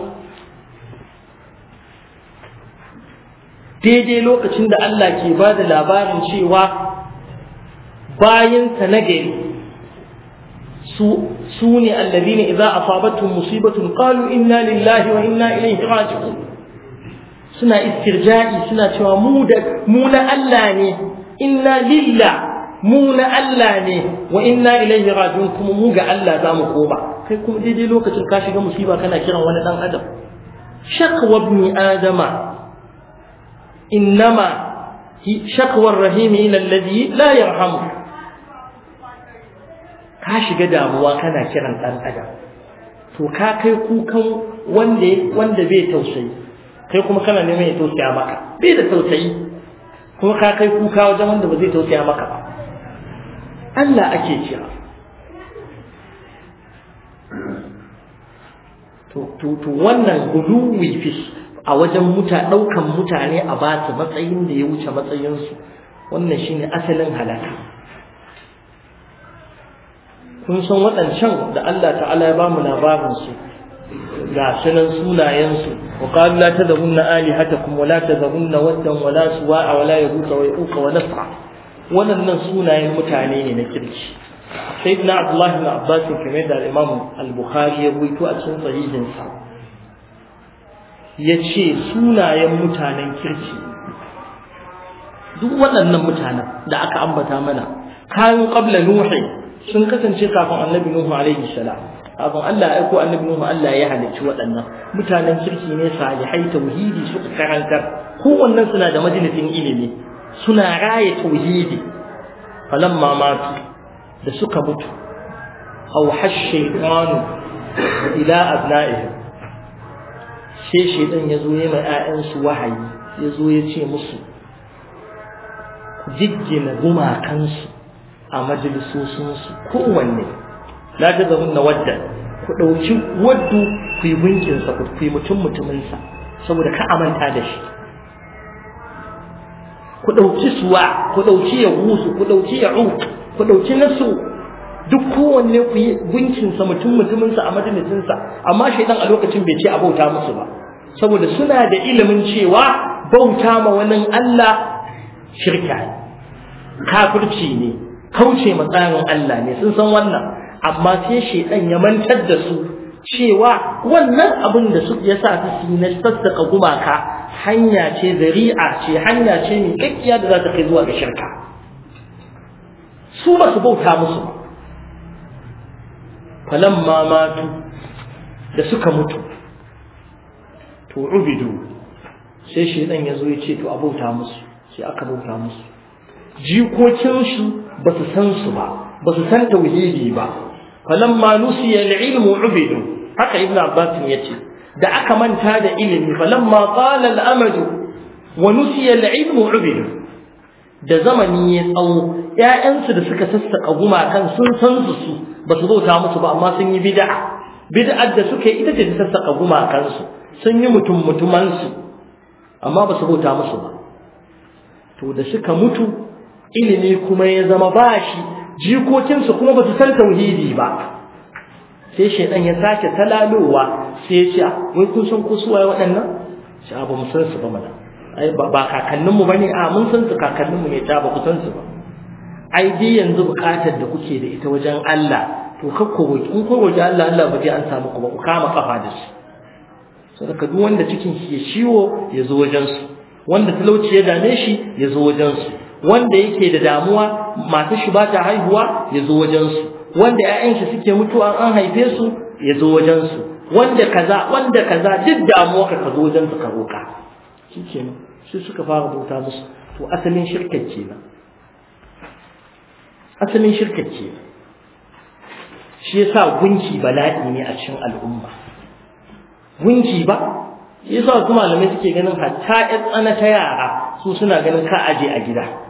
daidai lokacin da Allah ke ba da labarin cewa ta na gari سون الذين إذا أصابتهم مصيبة قالوا إنا لله وإنا إليه راجعون سنة استرجائي سنة مودة مولى ألاني إنا لله مولى ألاني وإنا إليه راجعون كم موجة ألا دام قوبة كم دي دي لوكة الكاشقة مصيبة كان كرا ولا دام أدم شقوى ابن آدم إنما شقوى الرحيم إلى الذي لا يرحمه ka shiga damuwa kana kiran ɗan adam to ka kai kukan wanda wanda bai tausayi kai kuma kana neman ya tausaya maka bai da tausayi kuma ka kai kuka wajen wanda ba zai tausaya maka ba Allah ake kira to wannan guduwi fi a wajen muta daukan mutane a ba su matsayin da ya wuce matsayin su. wannan shine asalin halaka kun san waɗancan da Allah ta'ala ya bamu labarin su ga sunan sunayen su wa qalu la tadhunna alihatakum wa la tadhunna waddan wa la suwa'a wa la yaghutha wa yauqa wa nasra wannan sunayen mutane ne na kirki sayyidina abdullah ibn abbas kamar da imam al-bukhari ya ruwaito a cikin sahihin sa yace sunayen mutanen kirki duk waɗannan mutanen da aka ambata mana kayan qabla nuhi sun kasance kafin annabi nuhu alaihi salam kafin Allah ya aiko annabi nuhu Allah ya halicci waɗannan mutanen kirki ne salihai tauhidi suka karantar wannan suna da majalisin ilimi suna raye tauhidi falamma matu da suka mutu aw hashaytanu ila abna'ihim sai shaytan yazo ya mai ƴaƴan wahayi yazo ya ce musu jiggina gumakansu a majalisosinsu kowanne na ga zaun na wadda ku ɗauki waddu ku yi gunkinsa ku yi mutum mutuminsa saboda ka amanta da shi ku ɗauki suwa ku ɗauki ya gusu ku ɗauki ya ku ɗauki nasu duk kowanne ku yi gunkinsa mutum mutuminsa a majalisinsa amma shaidan a lokacin bai ce a bauta musu ba saboda suna da ilimin cewa bauta ma wani Allah shirka kafirci ne kauce ma tsarin Allah ne sun san wannan amma sai shedan ya mantar da su cewa wannan abin da su ya sa su yi na sassaka gumaka hanya ce zari'a ce hanya ce mai kakkiya da za ta kai zuwa ga shirka su ba su bauta musu falamma matu da suka mutu to ubidu sai shedan ya zo ya ce to a bauta musu sai aka bauta musu jikokinsu ba su san su ba ba su san tauhidi ba ma nusiya al-ilmu ubidu haka Ibn abbas ya ce. da aka manta da ilimi falamma qala al-amadu wa nusiya al-ilmu ubidu da zamani ya tsawo ƴaƴansu da suka sassaka gumakan sun san su su ba su bauta musu ba amma sun yi bid'a bid'ar da suka yi ita ce ta sassaka gumakansu sun yi mutum mutumansu amma ba su bauta musu ba to da suka mutu ilimi kuma ya zama ba shi jikokinsu kuma ba su san tauhidi ba sai shaidan ya sake talalowa sai ya ce ah, wai kun san kusuwa waɗannan shi abu ah, mu san su ba mana ai ba kakanninmu ba ne a ah, mun san su kakanninmu ne ta ba ku san su ba ai dai yanzu buƙatar da kuke da ita wajen Allah to kakko roki in ko roki Allah Allah ba zai an samu ku ba ku kama kafa da su sadaka duk wanda cikin shi ya ciwo ya zo wajen su wanda talauci ya dame shi ya zo wajen su wanda yake da damuwa masu shi ba ta haihuwa ya zo wajen su wanda ya'yan shi suke mutuwa an haife su ya zo wajen su wanda kaza wanda kaza duk damuwa ka zo wajen su ka roka shikenan sai suka fara bauta musu to asalin shirkar kenan asalin shirkar kenan shi yasa gunki bala'i ne a cikin al'umma gunki ba yasa kuma malamai suke ganin hatta ƴan tsana ta yara su suna ganin ka aje a gida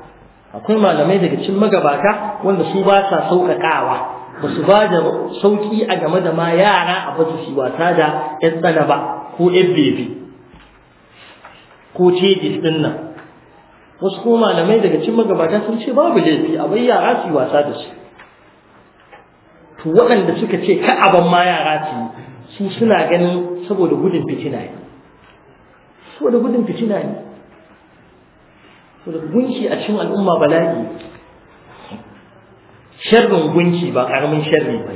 akwai malamai daga cikin magabata wanda su ba sa sauƙaƙawa ba su ba da sauƙi a game da ma yara a ba su wasa da ƴan tsana ba ko ƴan bebe ko cejis ɗin nan wasu ko malamai daga cikin magabata sun ce babu laifi a bai yara su yi wasa da su to waɗanda suka ce ka aban ma yara su su suna ganin saboda gudun fitina ne saboda gudun fitina ne gunki a cikin al'umma bala'i sharrin gunki ba karamin sharri ba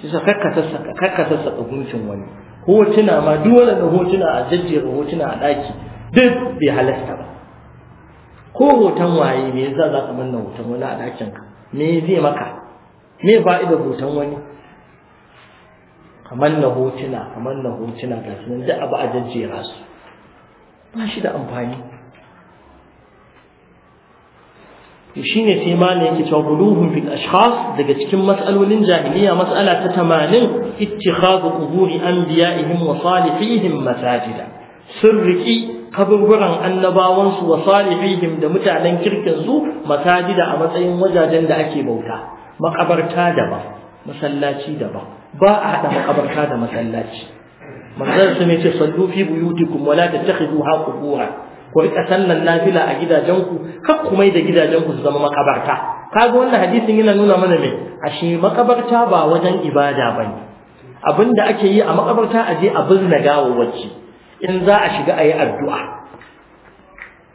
shi sa kakka saka gunkin wani hotuna ma duk wanda hotuna a jajjera hotuna a ɗaki duk bai halasta ba ko hoton waye me yasa za ka manna hoton wani a ɗakin ka me zai maka me fa'ida hoton wani ka na hotuna ka na hotuna ga su nan duk abu a jajjera su ba shi da amfani to shine sai malam yake cewa fil ashkhas daga cikin matsalolin jahiliya matsala ta tamanin ittikhadu quburi anbiya'ihim wa salihihim masajida sun riki kaburburan annabawansu wa salihihim da mutanen kirkin su masajida a matsayin wajajen da ake bauta makabarta daban masallaci daban ba a haɗa makabarta da masallaci manzon su ne ce sallu fi buyutikum wala tattakhiduha qubura ku rika sallan nafila a gidajenku kar ku mai da gidajenku su zama makabarta kaga wannan hadisin yana nuna mana me ashe makabarta ba wajen ibada bane abinda ake yi a makabarta aje a bizna gawawwaci in za a shiga ayi addu'a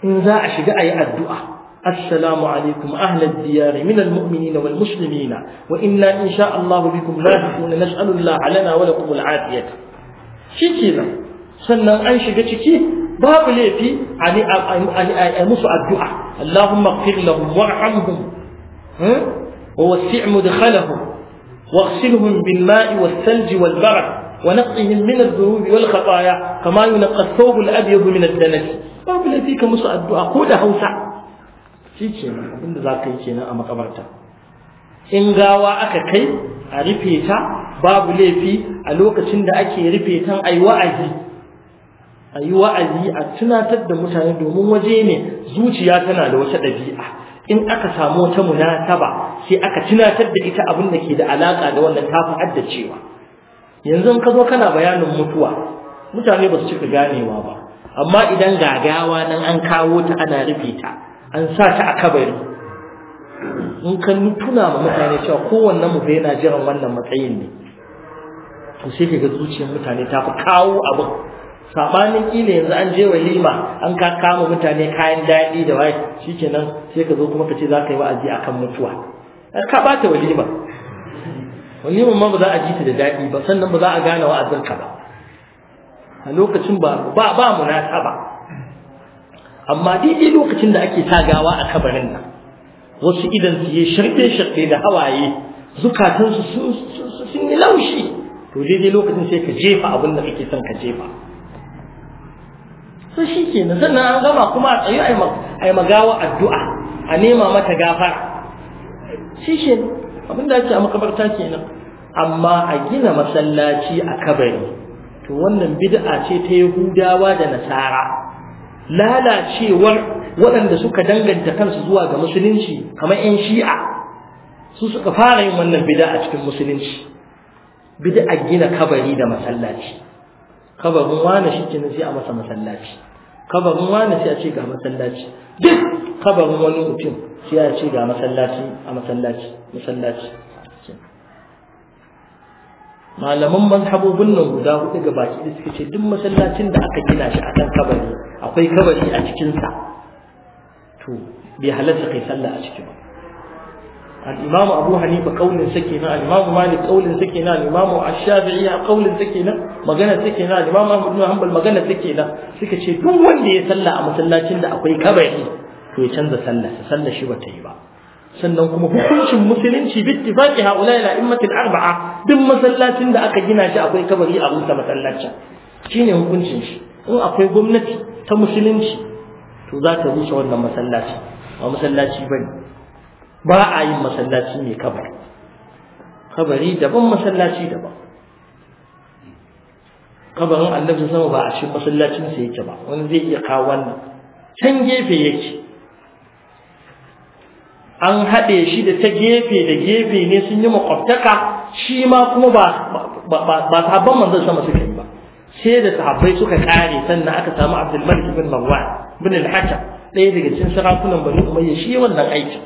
in za a shiga ayi addu'a السلام عليكم أهل الديار من المؤمنين والمسلمين وإنا إن شاء الله بكم لاحقون نسأل الله لنا ولكم العافية shikenan sannan an shiga ciki babu laifi a musu addu'a Allahumma ighfir lahum warhamhum ووسع مدخلهم واغسلهم بالماء والثلج والبرد ونقهم من الذنوب والخطايا كما ينقى الثوب الابيض من الدنس babu laifi ka musu addu'a ko da hausa shi ke abinda za ka yi kenan a makabarta in gawa aka kai a rufe ta babu laifi a lokacin da ake rufe ta ai wa'azi yi wa'azi a tunatar da mutane domin waje ne zuciya tana da wata ɗabi'a in aka samu wata munasaba sai aka tunatar da ita abin da ke da alaƙa da wannan tafi haddacewa yanzu in ka zo kana bayanin mutuwa mutane ba su cika ganewa ba amma idan gagawa nan an kawo ta ana rufe ta an sa ta a kabari in kan tuna ba mutane cewa kowanne mu bai na jiran wannan matsayin ne to sai kaga zuciyar mutane ta fi kawo abu sabanin kila yanzu an je walima an ka kama mutane kayan dadi da waye shikenan sai ka zo kuma ka ce za ka yi wa'azi akan mutuwa ka bata walima walima ma ba za a ji ta da dadi ba sannan ba za a gane wa'azin ka ba a lokacin ba ba ba munasaba amma didi lokacin da ake tagawa a kabarin nan wasu idan su yi sharfe da hawaye zukatansu sun yi laushi to daidai lokacin sai ka jefa abin da kake son ka jefa so shi ke na sannan an gama kuma a tsayi a yi magawa addu'a a nema mata gafar. shi ke abin da ake a makabarta kenan amma a gina masallaci a kabari to wannan bid'a ce ta yahudawa da nasara lalacewar waɗanda suka danganta kansu zuwa ga musulunci kamar 'yan shi'a su suka fara yin wannan bida a cikin musulunci bida a gina kabari da masallaci kabarin wane shi kenan sai a masa masallaci kabarin wane sai a ce ga masallaci duk kabarin wani mutum sai a ce ga masallaci a masallaci masallaci malaman mazhabobin nan guda hudu ga baki da suka ce duk masallacin da aka gina shi a kan kabari akwai kabari a cikinsa to bai halarta kai sallah a ciki ba al-imamu abu hanifa kaulin sa kenan al-imamu malik kaulin sa kenan al-imamu ash-shafi'i kaulin sa kenan magana sa kenan al-imamu ahmad bin hanbal magana sa kenan suka ce duk wanda ya sallah a masallacin da akwai kabari to ya canza sallah sallah shi ba ta yi ba sannan kuma hukuncin musulunci bittifaqi haula'i al-a'immatil arba'a duk masallacin da aka gina shi akwai kabari a rusa masallacin shine hukuncin shi in akwai gwamnati ta musulunci to za ta rushe wannan masallaci ba masallaci ba ne ba a yin masallaci ne kabari kabari daban masallaci daban kabarin annabi sama ba a shi masallacin sa yake ba wani zai iya kawo wannan can gefe yake an haɗe shi da ta gefe da gefe ne sun yi makwabtaka shi ma kuma ba sabon manzan sama suke sai da sahabbai suka kare sannan aka samu Abdul Malik bin Marwan bin al-Hakam ɗaya daga cikin sarakunan Bani Umayya shi wannan aikin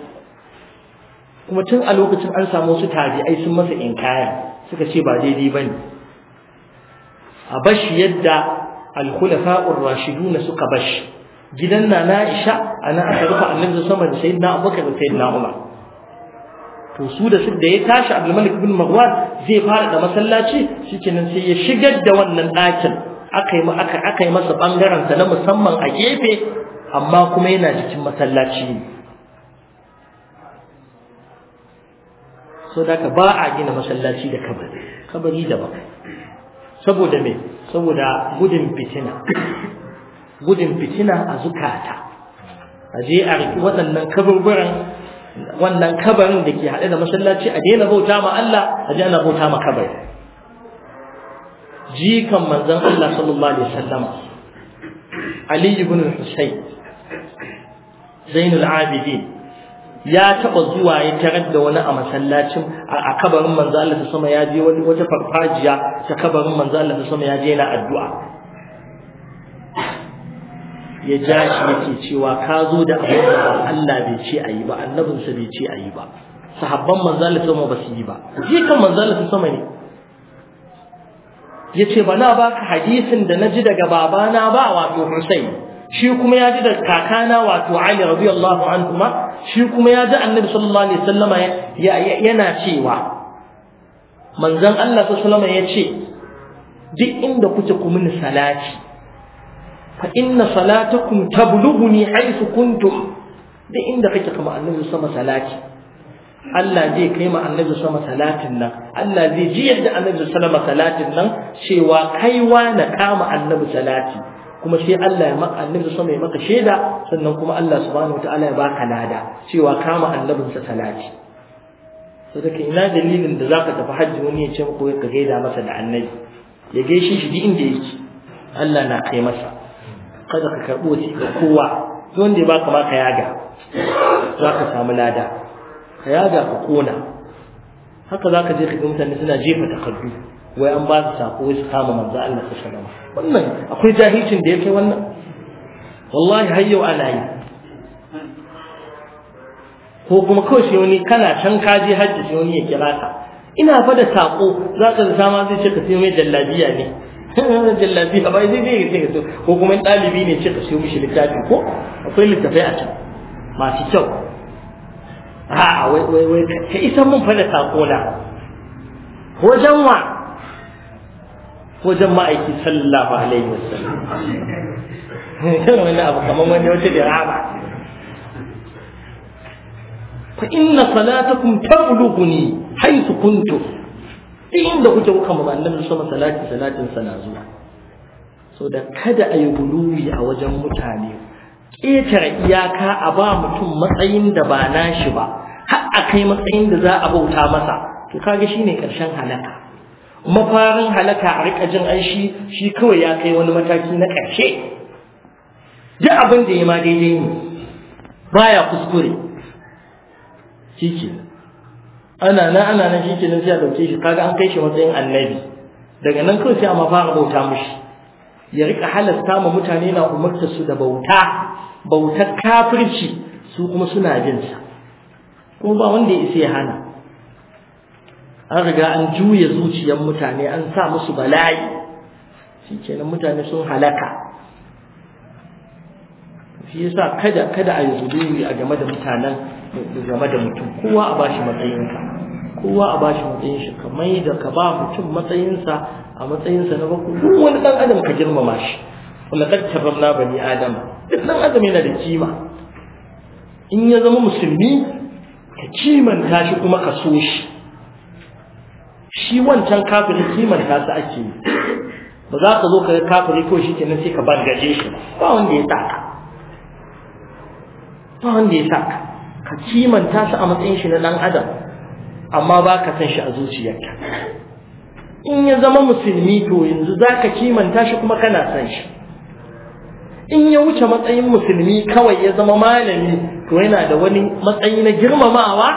kuma tun a lokacin an samu su tabi'ai sun masa inkaya suka ce ba daidai bane a bashi yadda al-khulafa'ur rashidun suka bashi gidan na Aisha ana aka rufa annabi sama da sayyidina Abubakar da sayyidina Umar to su da su da ya tashi Abdulmalik ibn Marwan zai fara da masallaci shikenan sai ya shigar da wannan ɗakin aka yi aka masa bangaren sa na musamman a gefe amma kuma yana jikin masallaci ne so da ka ba a gina masallaci da kabari kabari da baka saboda me saboda gudun fitina gudun fitina a zukata a je a riƙi waɗannan kaburburan wannan kabarin da ke haɗe da masallaci a daina bauta ma Allah a ji ana bauta ma kabari jikan manzon Allah sallallahu alaihi wasallam Ali ibn Husayn Zainul Abidin ya taba zuwa ya tarar da wani a masallacin a kabarin manzon Allah sama ya je wani wata farfajiya ta kabarin manzon Allah sama ya je yana addu'a ya ja shi yake cewa ka zo da abin da Allah bai ce a yi ba annabinsa bai ce a yi ba sahabban manzalin sama ba su yi ba jikan manzalin sama ne ya ce ba na baka hadisin da na ji daga babana ba wato Hussein shi kuma ya ji da kakana wato Ali radiyallahu anhu ma shi kuma ya ji annabi sallallahu alaihi wasallama yana cewa manzon Allah sallallahu alaihi wasallama ya ce duk inda kuke ku mini salati Ka inna salatakum tablughuni ni kuntum da inda kake kama annabi sama salati Allah zai kai ma annabi sama salatin nan Allah zai ji yadda annabi sama salatin nan cewa kaiwa na kama annabi salati kuma sai Allah ya maka annabi sama ya maka shaida sannan kuma Allah subhanahu wataala ya baka lada cewa kama annabinsa salati saboda ina dalilin da zaka tafi hajji wani ya ce maka ka gaida masa da annabi ya gaishe shi duk inda yake Allah na kai masa kada ka karɓo shi ga kowa duk wanda ya baka ma ka yaga za ka samu lada ka yaga ka kona haka za ka je ka ga mutane suna jefa takardu wai an ba su sako wai su kama manzo Allah ta sallama wannan akwai jahilcin da yake wannan wallahi har yau ana yi ko kuma kawai shi wani kana can kaji hajji shi wani ya kira ka ina fa da sako za ka zama zai ce ka sai mai jallabiya ne jallabiya ba zai zai zai so ko kuma in ɗalibi ne ce ka siyo mishi littafi ko akwai littafai a can masu kyau a'a wai wai wai ka isa mun fa da sako na wajen wa wajen ma'aiki sallallahu alaihi wasallam kan wani abu kamar wani wata diraba fa inna salatakum tablughuni haythu kuntum duk inda kuke kuka mu annabi sama salati salatin sa na zuwa so da kada ayi yi a wajen mutane ƙetare iyaka a ba mutum matsayin da ba na shi ba har a kai matsayin da za a bauta masa to kaga shine karshen halaka mafarin halaka a rika jin an shi shi kawai ya kai wani mataki na ƙarshe duk abin da ya ma daidai ne baya kuskure shi ana na ana na shi kenan sai a dauke shi kaga an kai shi matsayin annabi daga nan kawai sai a mafara bauta mushi ya rika halasta ma mutane na umarta su da bauta bautar kafirci su kuma suna jin sa kuma ba wanda ya isa ya hana an riga an juya zuciyar mutane an sa musu bala'i shi kenan mutane sun halaka shi yasa kada kada a yi zuburi a game da mutanen game da mutum kowa a bashi matsayinka kowa a bashi matsayin shi ka mai da ka ba mutum matsayinsa a matsayinsa na bako duk wani dan adam ka girmama shi wala kad karramna bani adam duk dan adam yana da kima in ya zama musulmi ka kimanta shi kuma ka so shi shi wancan kafirin kimanta su ake yi ba za ka zo ka kafiri ko shi kenan sai ka bangaje shi ba wanda ya taka ba wanda ya sa ka kimanta su a matsayin shi na ɗan adam amma ba ka san shi a zuciyarka in ya zama musulmi to yanzu za ka kimanta shi kuma kana san shi in ya wuce matsayin musulmi kawai ya zama malami to yana da wani matsayi na girmamawa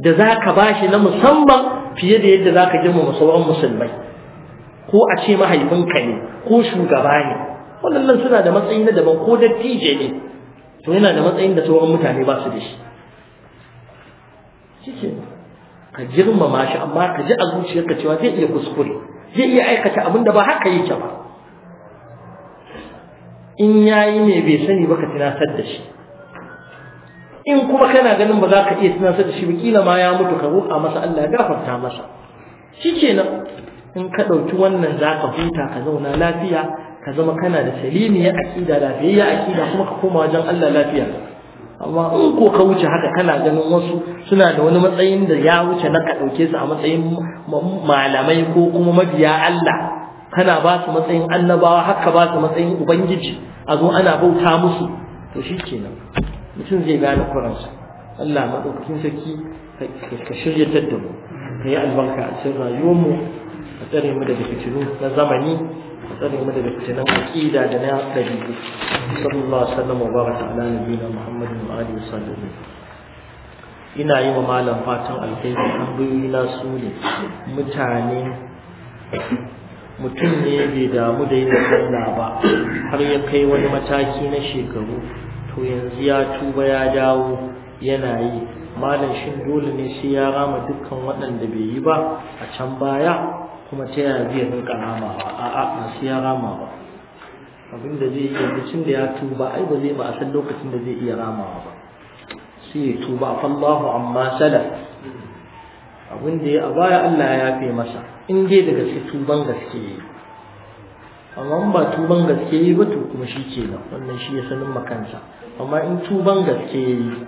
da za ka ba shi na musamman fiye da yadda za ka girmama sauran musulmai ko a ce mahaifinka ne ko shugaba ne waɗannan suna da matsayi na daban ko dattije ne to yana da matsayin da sauran mutane ba su da shi shi ka girmama shi amma ka ji a zuciyarka cewa zai iya kuskure zai iya aikata abin da ba haka yi ba in ya yi ne bai sani ba ka tunasar da shi in kuma kana ganin ba za ka iya tunatar da shi ba kila ma ya mutu ka roƙa masa Allah ya gafarta masa shikenan in ka ɗauki wannan za ka huta ka zauna lafiya ka zama kana da salimiyar aƙida lafiyayya aƙida kuma ka koma wajen Allah lafiya amma in ko ka wuce haka kana ganin wasu suna da wani matsayin da ya wuce na ka ɗauke su a matsayin malamai ko kuma mabiya Allah kana ba su matsayin annabawa haka ba su matsayin ubangiji a zo ana bauta musu to shi kenan mutum zai gane kuransa Allah maɗaukakin sarki ka shirya da ka yi albarka a cikin rayuwarmu a tsare mu daga fitinu na zamani tsare mu daga fitinan aqida da na dabi'u sallallahu alaihi wasallam wa baraka ala nabiyina muhammadin wa alihi ina yi wa malam fatan alheri tambayoyi na su ne mutane mutum ne bai damu da yin sallah ba har ya kai wani mataki na shekaru to yanzu ya tuba ya dawo yana yi malam shin dole ne sai ya rama dukkan waɗanda bai yi ba a can baya kuma ta yaya zai rinka rama ba a'a ba sai ya rama ba abin da zai iya mutum da ya tuba ai ba zai ba a san lokacin da zai iya rama ba shi ya tuba Allahu amma sala abin da ya a baya Allah ya yafe masa in dai daga cikin tuban gaske yi amma ba tuban gaske yi ba to kuma shi ke nan wannan shi ya sanin makansa amma in tuban gaske yi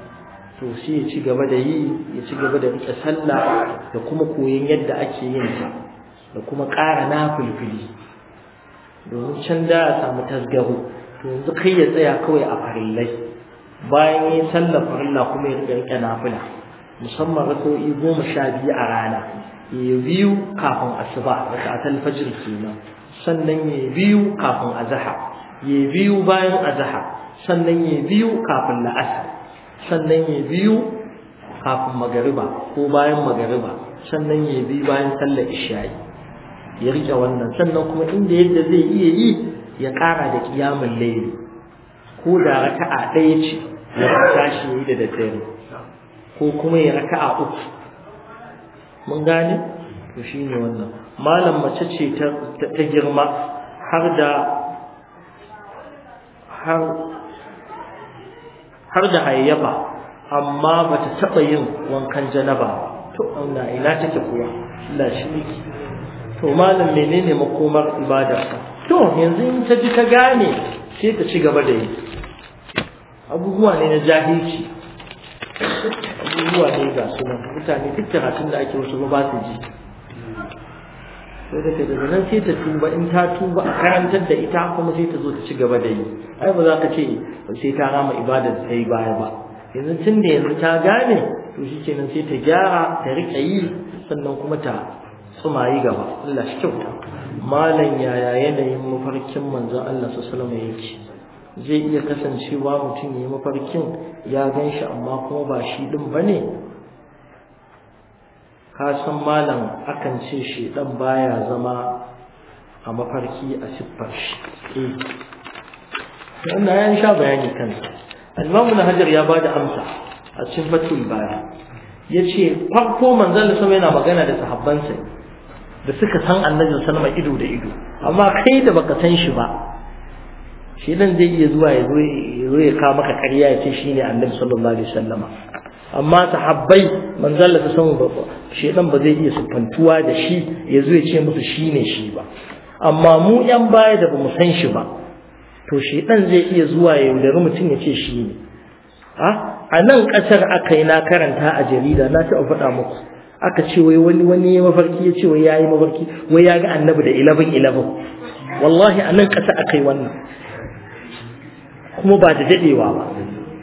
to shi ya ci gaba da yi ya ci gaba da riƙe sallah da kuma koyon yadda ake yin sa da kuma ƙara na domin can da a samu tasgaro to yanzu kai ya tsaya kawai a farillai bayan yi sallar farilla kuma ya riƙa riƙe nafila musamman rako'i goma sha biyu a rana ya biyu kafin asuba raka'atul fajr kenan sannan ya biyu kafin azaha ya biyu bayan azaha sannan ya biyu kafin la'asar sannan ya biyu kafin magariba ko bayan magariba sannan ya biyu bayan sallar ishayi. ya rike wannan sannan kuma inda yadda zai iya yi ya ƙara da ƙiyamin laili ko da raka'a ɗaya ce ya tashi yi da daddare ko kuma ya raka'a uku mun gane to shi ne wannan malam mace ce ta girma har da har har da hayyafa amma bata taɓa yin wankan janaba to Allah ina take kuwa Allah shi ne to malam menene makomar ibada? to yanzu in ta ji ta gane sai ta ci gaba da yi abubuwa ne na jahilci abubuwa ne ga su mutane duk hatun da ake wasu ba su ji sai da daga nan sai ta tuba in ta tuba a karantar da ita kuma sai ta zo ta ci gaba da yi ai ba za ka ce sai ta rama da ta yi baya ba yanzu tun da yanzu ta gane to shi kenan sai ta gyara ta riƙa yi sannan kuma ta yi gaba Allah shi kyauta malam yaya yanayin mafarkin manzo Allah sallallahu alaihi yake zai iya kasancewa mutum yayi mafarkin ya gan shi amma kuma ba shi din bane ka san malam akan ce shi dan baya zama a mafarki a siffar shi eh wannan ya sha bayani kan al Hajar ya bada amsa a cikin fatul baya yace farko manzon Allah yana magana da sahabbansa da suka san annabi sallama ido da ido amma kai da baka san shi ba shi nan zai iya zuwa ya zo ya kawo maka ƙarya ya ce shi ne annabi sallallahu alaihi wasallama amma sahabbai manzon ta san ba shi ba zai iya sufantuwa da shi ya zo ya ce musu shi ne shi ba amma mu yan baya da bamu san shi ba to shi zai iya zuwa ya yaudari mutum ya ce shi ne a nan ƙasar aka yi na karanta a jarida na taɓa faɗa muku aka ce wai wani wani ya mafarki ya ce wai ya yi mafarki wai ya ga annabi da ilabin ilabin wallahi a nan ƙasa aka yi wannan kuma ba da daɗewa ba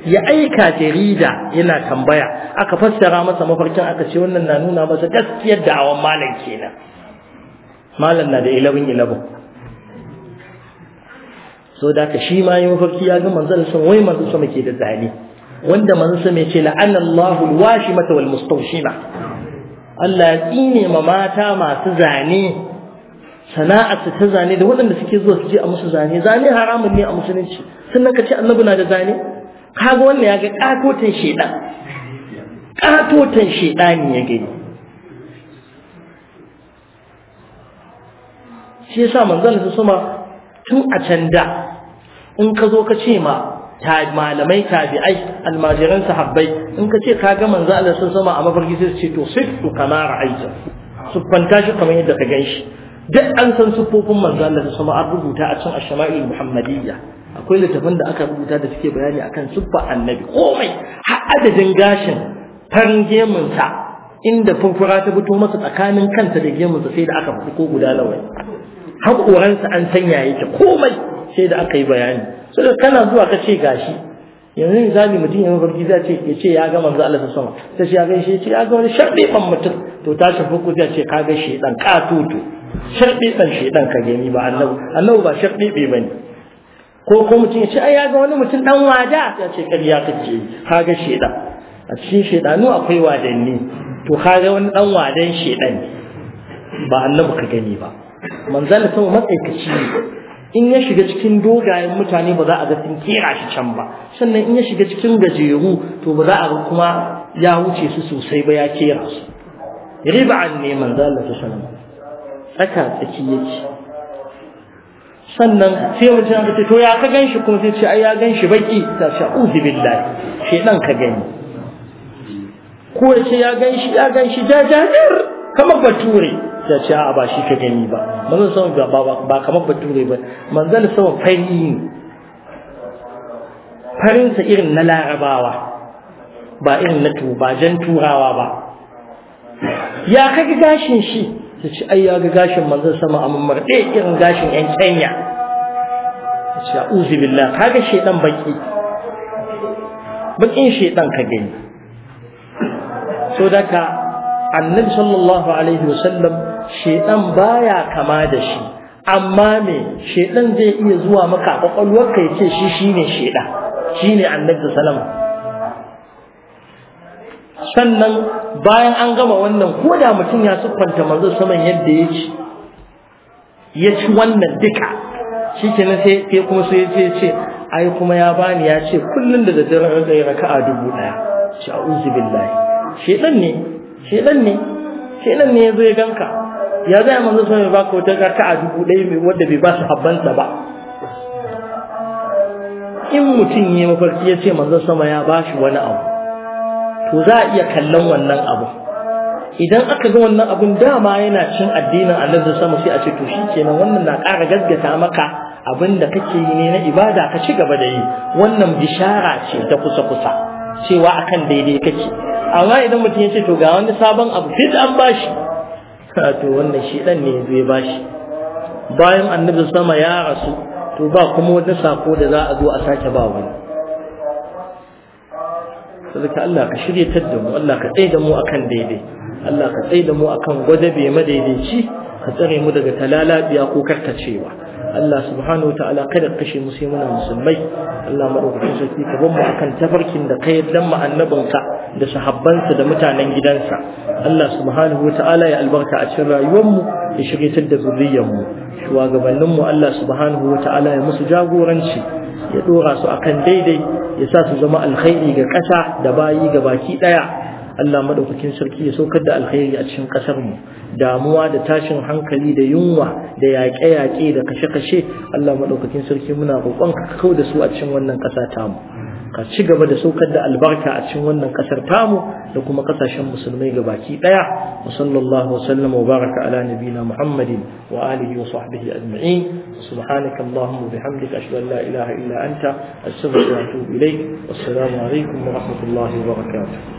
ya aika jarida yana tambaya aka fassara masa mafarkin aka ce wannan na nuna masa gaskiyar da'awan malam kenan malam na da ilabin ilabin so da ka shi ma yi mafarki ya ga manzon sun wai manzon sama ke da zane wanda manzon sama ya ce la'anallahu wal walmustawshima Allah ya tsine ma mata masu zane sana'arsu ta zane da waɗanda suke zuwa su je a musu zane zane haramun ne a musulunci sun naka ce annabi na da zane kaga wannan ya ga katotan shedan katotan shedani ya gani shi yasa manzon su suma tun a can da in ka zo ka ce ma malamai tabi'ai almajiran sahabbai in ka ce ka ga manzo Allah sun sama a mafarki sai ce to siftu kama ra'aita siffanta shi kamar yadda ka gan shi duk an san siffofin manzo Allah sun sama an rubuta a cikin ash-shama'il muhammadiyya akwai littafin da aka rubuta da suke bayani akan siffa annabi komai har adadin gashin farin gemunsa inda furfura ta fito masa tsakanin kanta da gemunsa sai da aka fito ko guda nawa har an sanya yake komai sai da aka yi bayani sai kana zuwa ka ce gashi yanzu misali mutum ya farki zai ce ya ce ya ga manzo Allah wasallam sai ya ga shi ce ya ga wani sharbe ban mutum to ta shafi ku zai ce ka ga shi dan katutu sharbe dan shi dan ka gani ba Allah Allah ba sharbe be bane ko ko mutum ya ce ai ya ga wani mutum dan wada ya ce ya kace ka ga shi dan a cikin shedanu akwai wadanni to ka ga wani dan wadan shedan ba annabi ka gani ba manzo Allah sallallahu alaihi wasallam in ya shiga cikin dogayen mutane ba za a ga sun kera shi can ba sannan in ya shiga cikin gajeru to ba za a ga kuma ya wuce su sosai ba ya kera su an ne manzo Allah ta sallama tsaka tsaki yake sannan sai mutum ya ce to ya ka ganshi kuma sai ce ai ya ganshi baki ta sha'udhu billahi shedan ka gani ko ya ce ya ganshi ya ganshi jajajar kamar bature ta ce a ba shi ka gani ba manzon sama ba kamar bature ba manzon sama fari ne farinsa irin na larabawa ba irin na ba jan turawa ba ya kaga gashin shi ta ce ai ya ga gashin manzon sama a mammarɗe irin gashin yan kenya ta ce a'udhu billah kaga shedan baki bakin shedan ka gani so daga annabi sallallahu alaihi wasallam shedan baya kama da shi amma me shedan zai iya zuwa maka kwakwalwar ka ce shi shine shedan shine annabi sallama sannan bayan an gama wannan ko da mutum ya siffanta manzo saman yadda ya ci ya ci wannan duka shikenan sai sai kuma sai ya ce ai kuma ya bani ya ce kullun da daddare raka raka'a dubu daya sha'uzu billahi shedan ne shedan ne shedan ne yazo ya ganka ya zai manzo sai ya baka wata a dubu ɗaya mai wanda bai ba su habbansa ba in mutum ya mafarki ya ce manzo sama ya ba shi wani abu to za a iya kallon wannan abu idan aka ga wannan abun dama yana cin addinin Allah da sama sai a ce to shi kenan wannan na ƙara gaggata maka abin da kake yi ne na ibada ka ci gaba da yi wannan bishara ce ta kusa kusa cewa akan daidai kake amma idan mutum ya ce to ga wani sabon abu fit an bashi kato (laughs) wannan shi dan ne zai bashi bayan annabi sama ya rasu to ba kuma wani sako da za a zo a sake ba wani saboda Allah ka shiryatar da mu Allah ka tsaye da mu akan daidai Allah ka tsaye da mu akan gwadabe madaidaici ka tsare mu daga talalabiya ko karkacewa Allah subhanahu ta'ala kada kashe mu muna musulmai Allah madaukakin sarki ka bar akan tafarkin da ka yaddan mu annabinka da sahabbansa da mutanen gidansa Allah subhanahu wa ta'ala ya albarka a cikin rayuwar mu ya shiryatar da zuriyarmu mu shugabannin mu Allah subhanahu wa ta'ala ya musu jagoranci ya dora su akan daidai ya sa su zama alkhairi ga ƙasa da bayi ga baki daya Allah madaukakin sarki ya saukar da alkhairi a cikin kasar mu damuwa da tashin hankali da yunwa da yaƙe-yaƙe da kashe-kashe Allah madaukakin sarki muna roƙon ka kau da su a cikin wannan ƙasa tamu ka ci gaba da saukar da albarka a cikin wannan ƙasar tamu da kuma ƙasashen musulmai gabaki ɗaya wa sallallahu wa sallam wa baraka ala nabiyina muhammadin wa alihi wa sahbihi ajma'in subhanaka allahumma bihamdika ashhadu an la ilaha illa anta astaghfiruka wa atubu ilayk wassalamu alaikum wa rahmatullahi wa barakatuh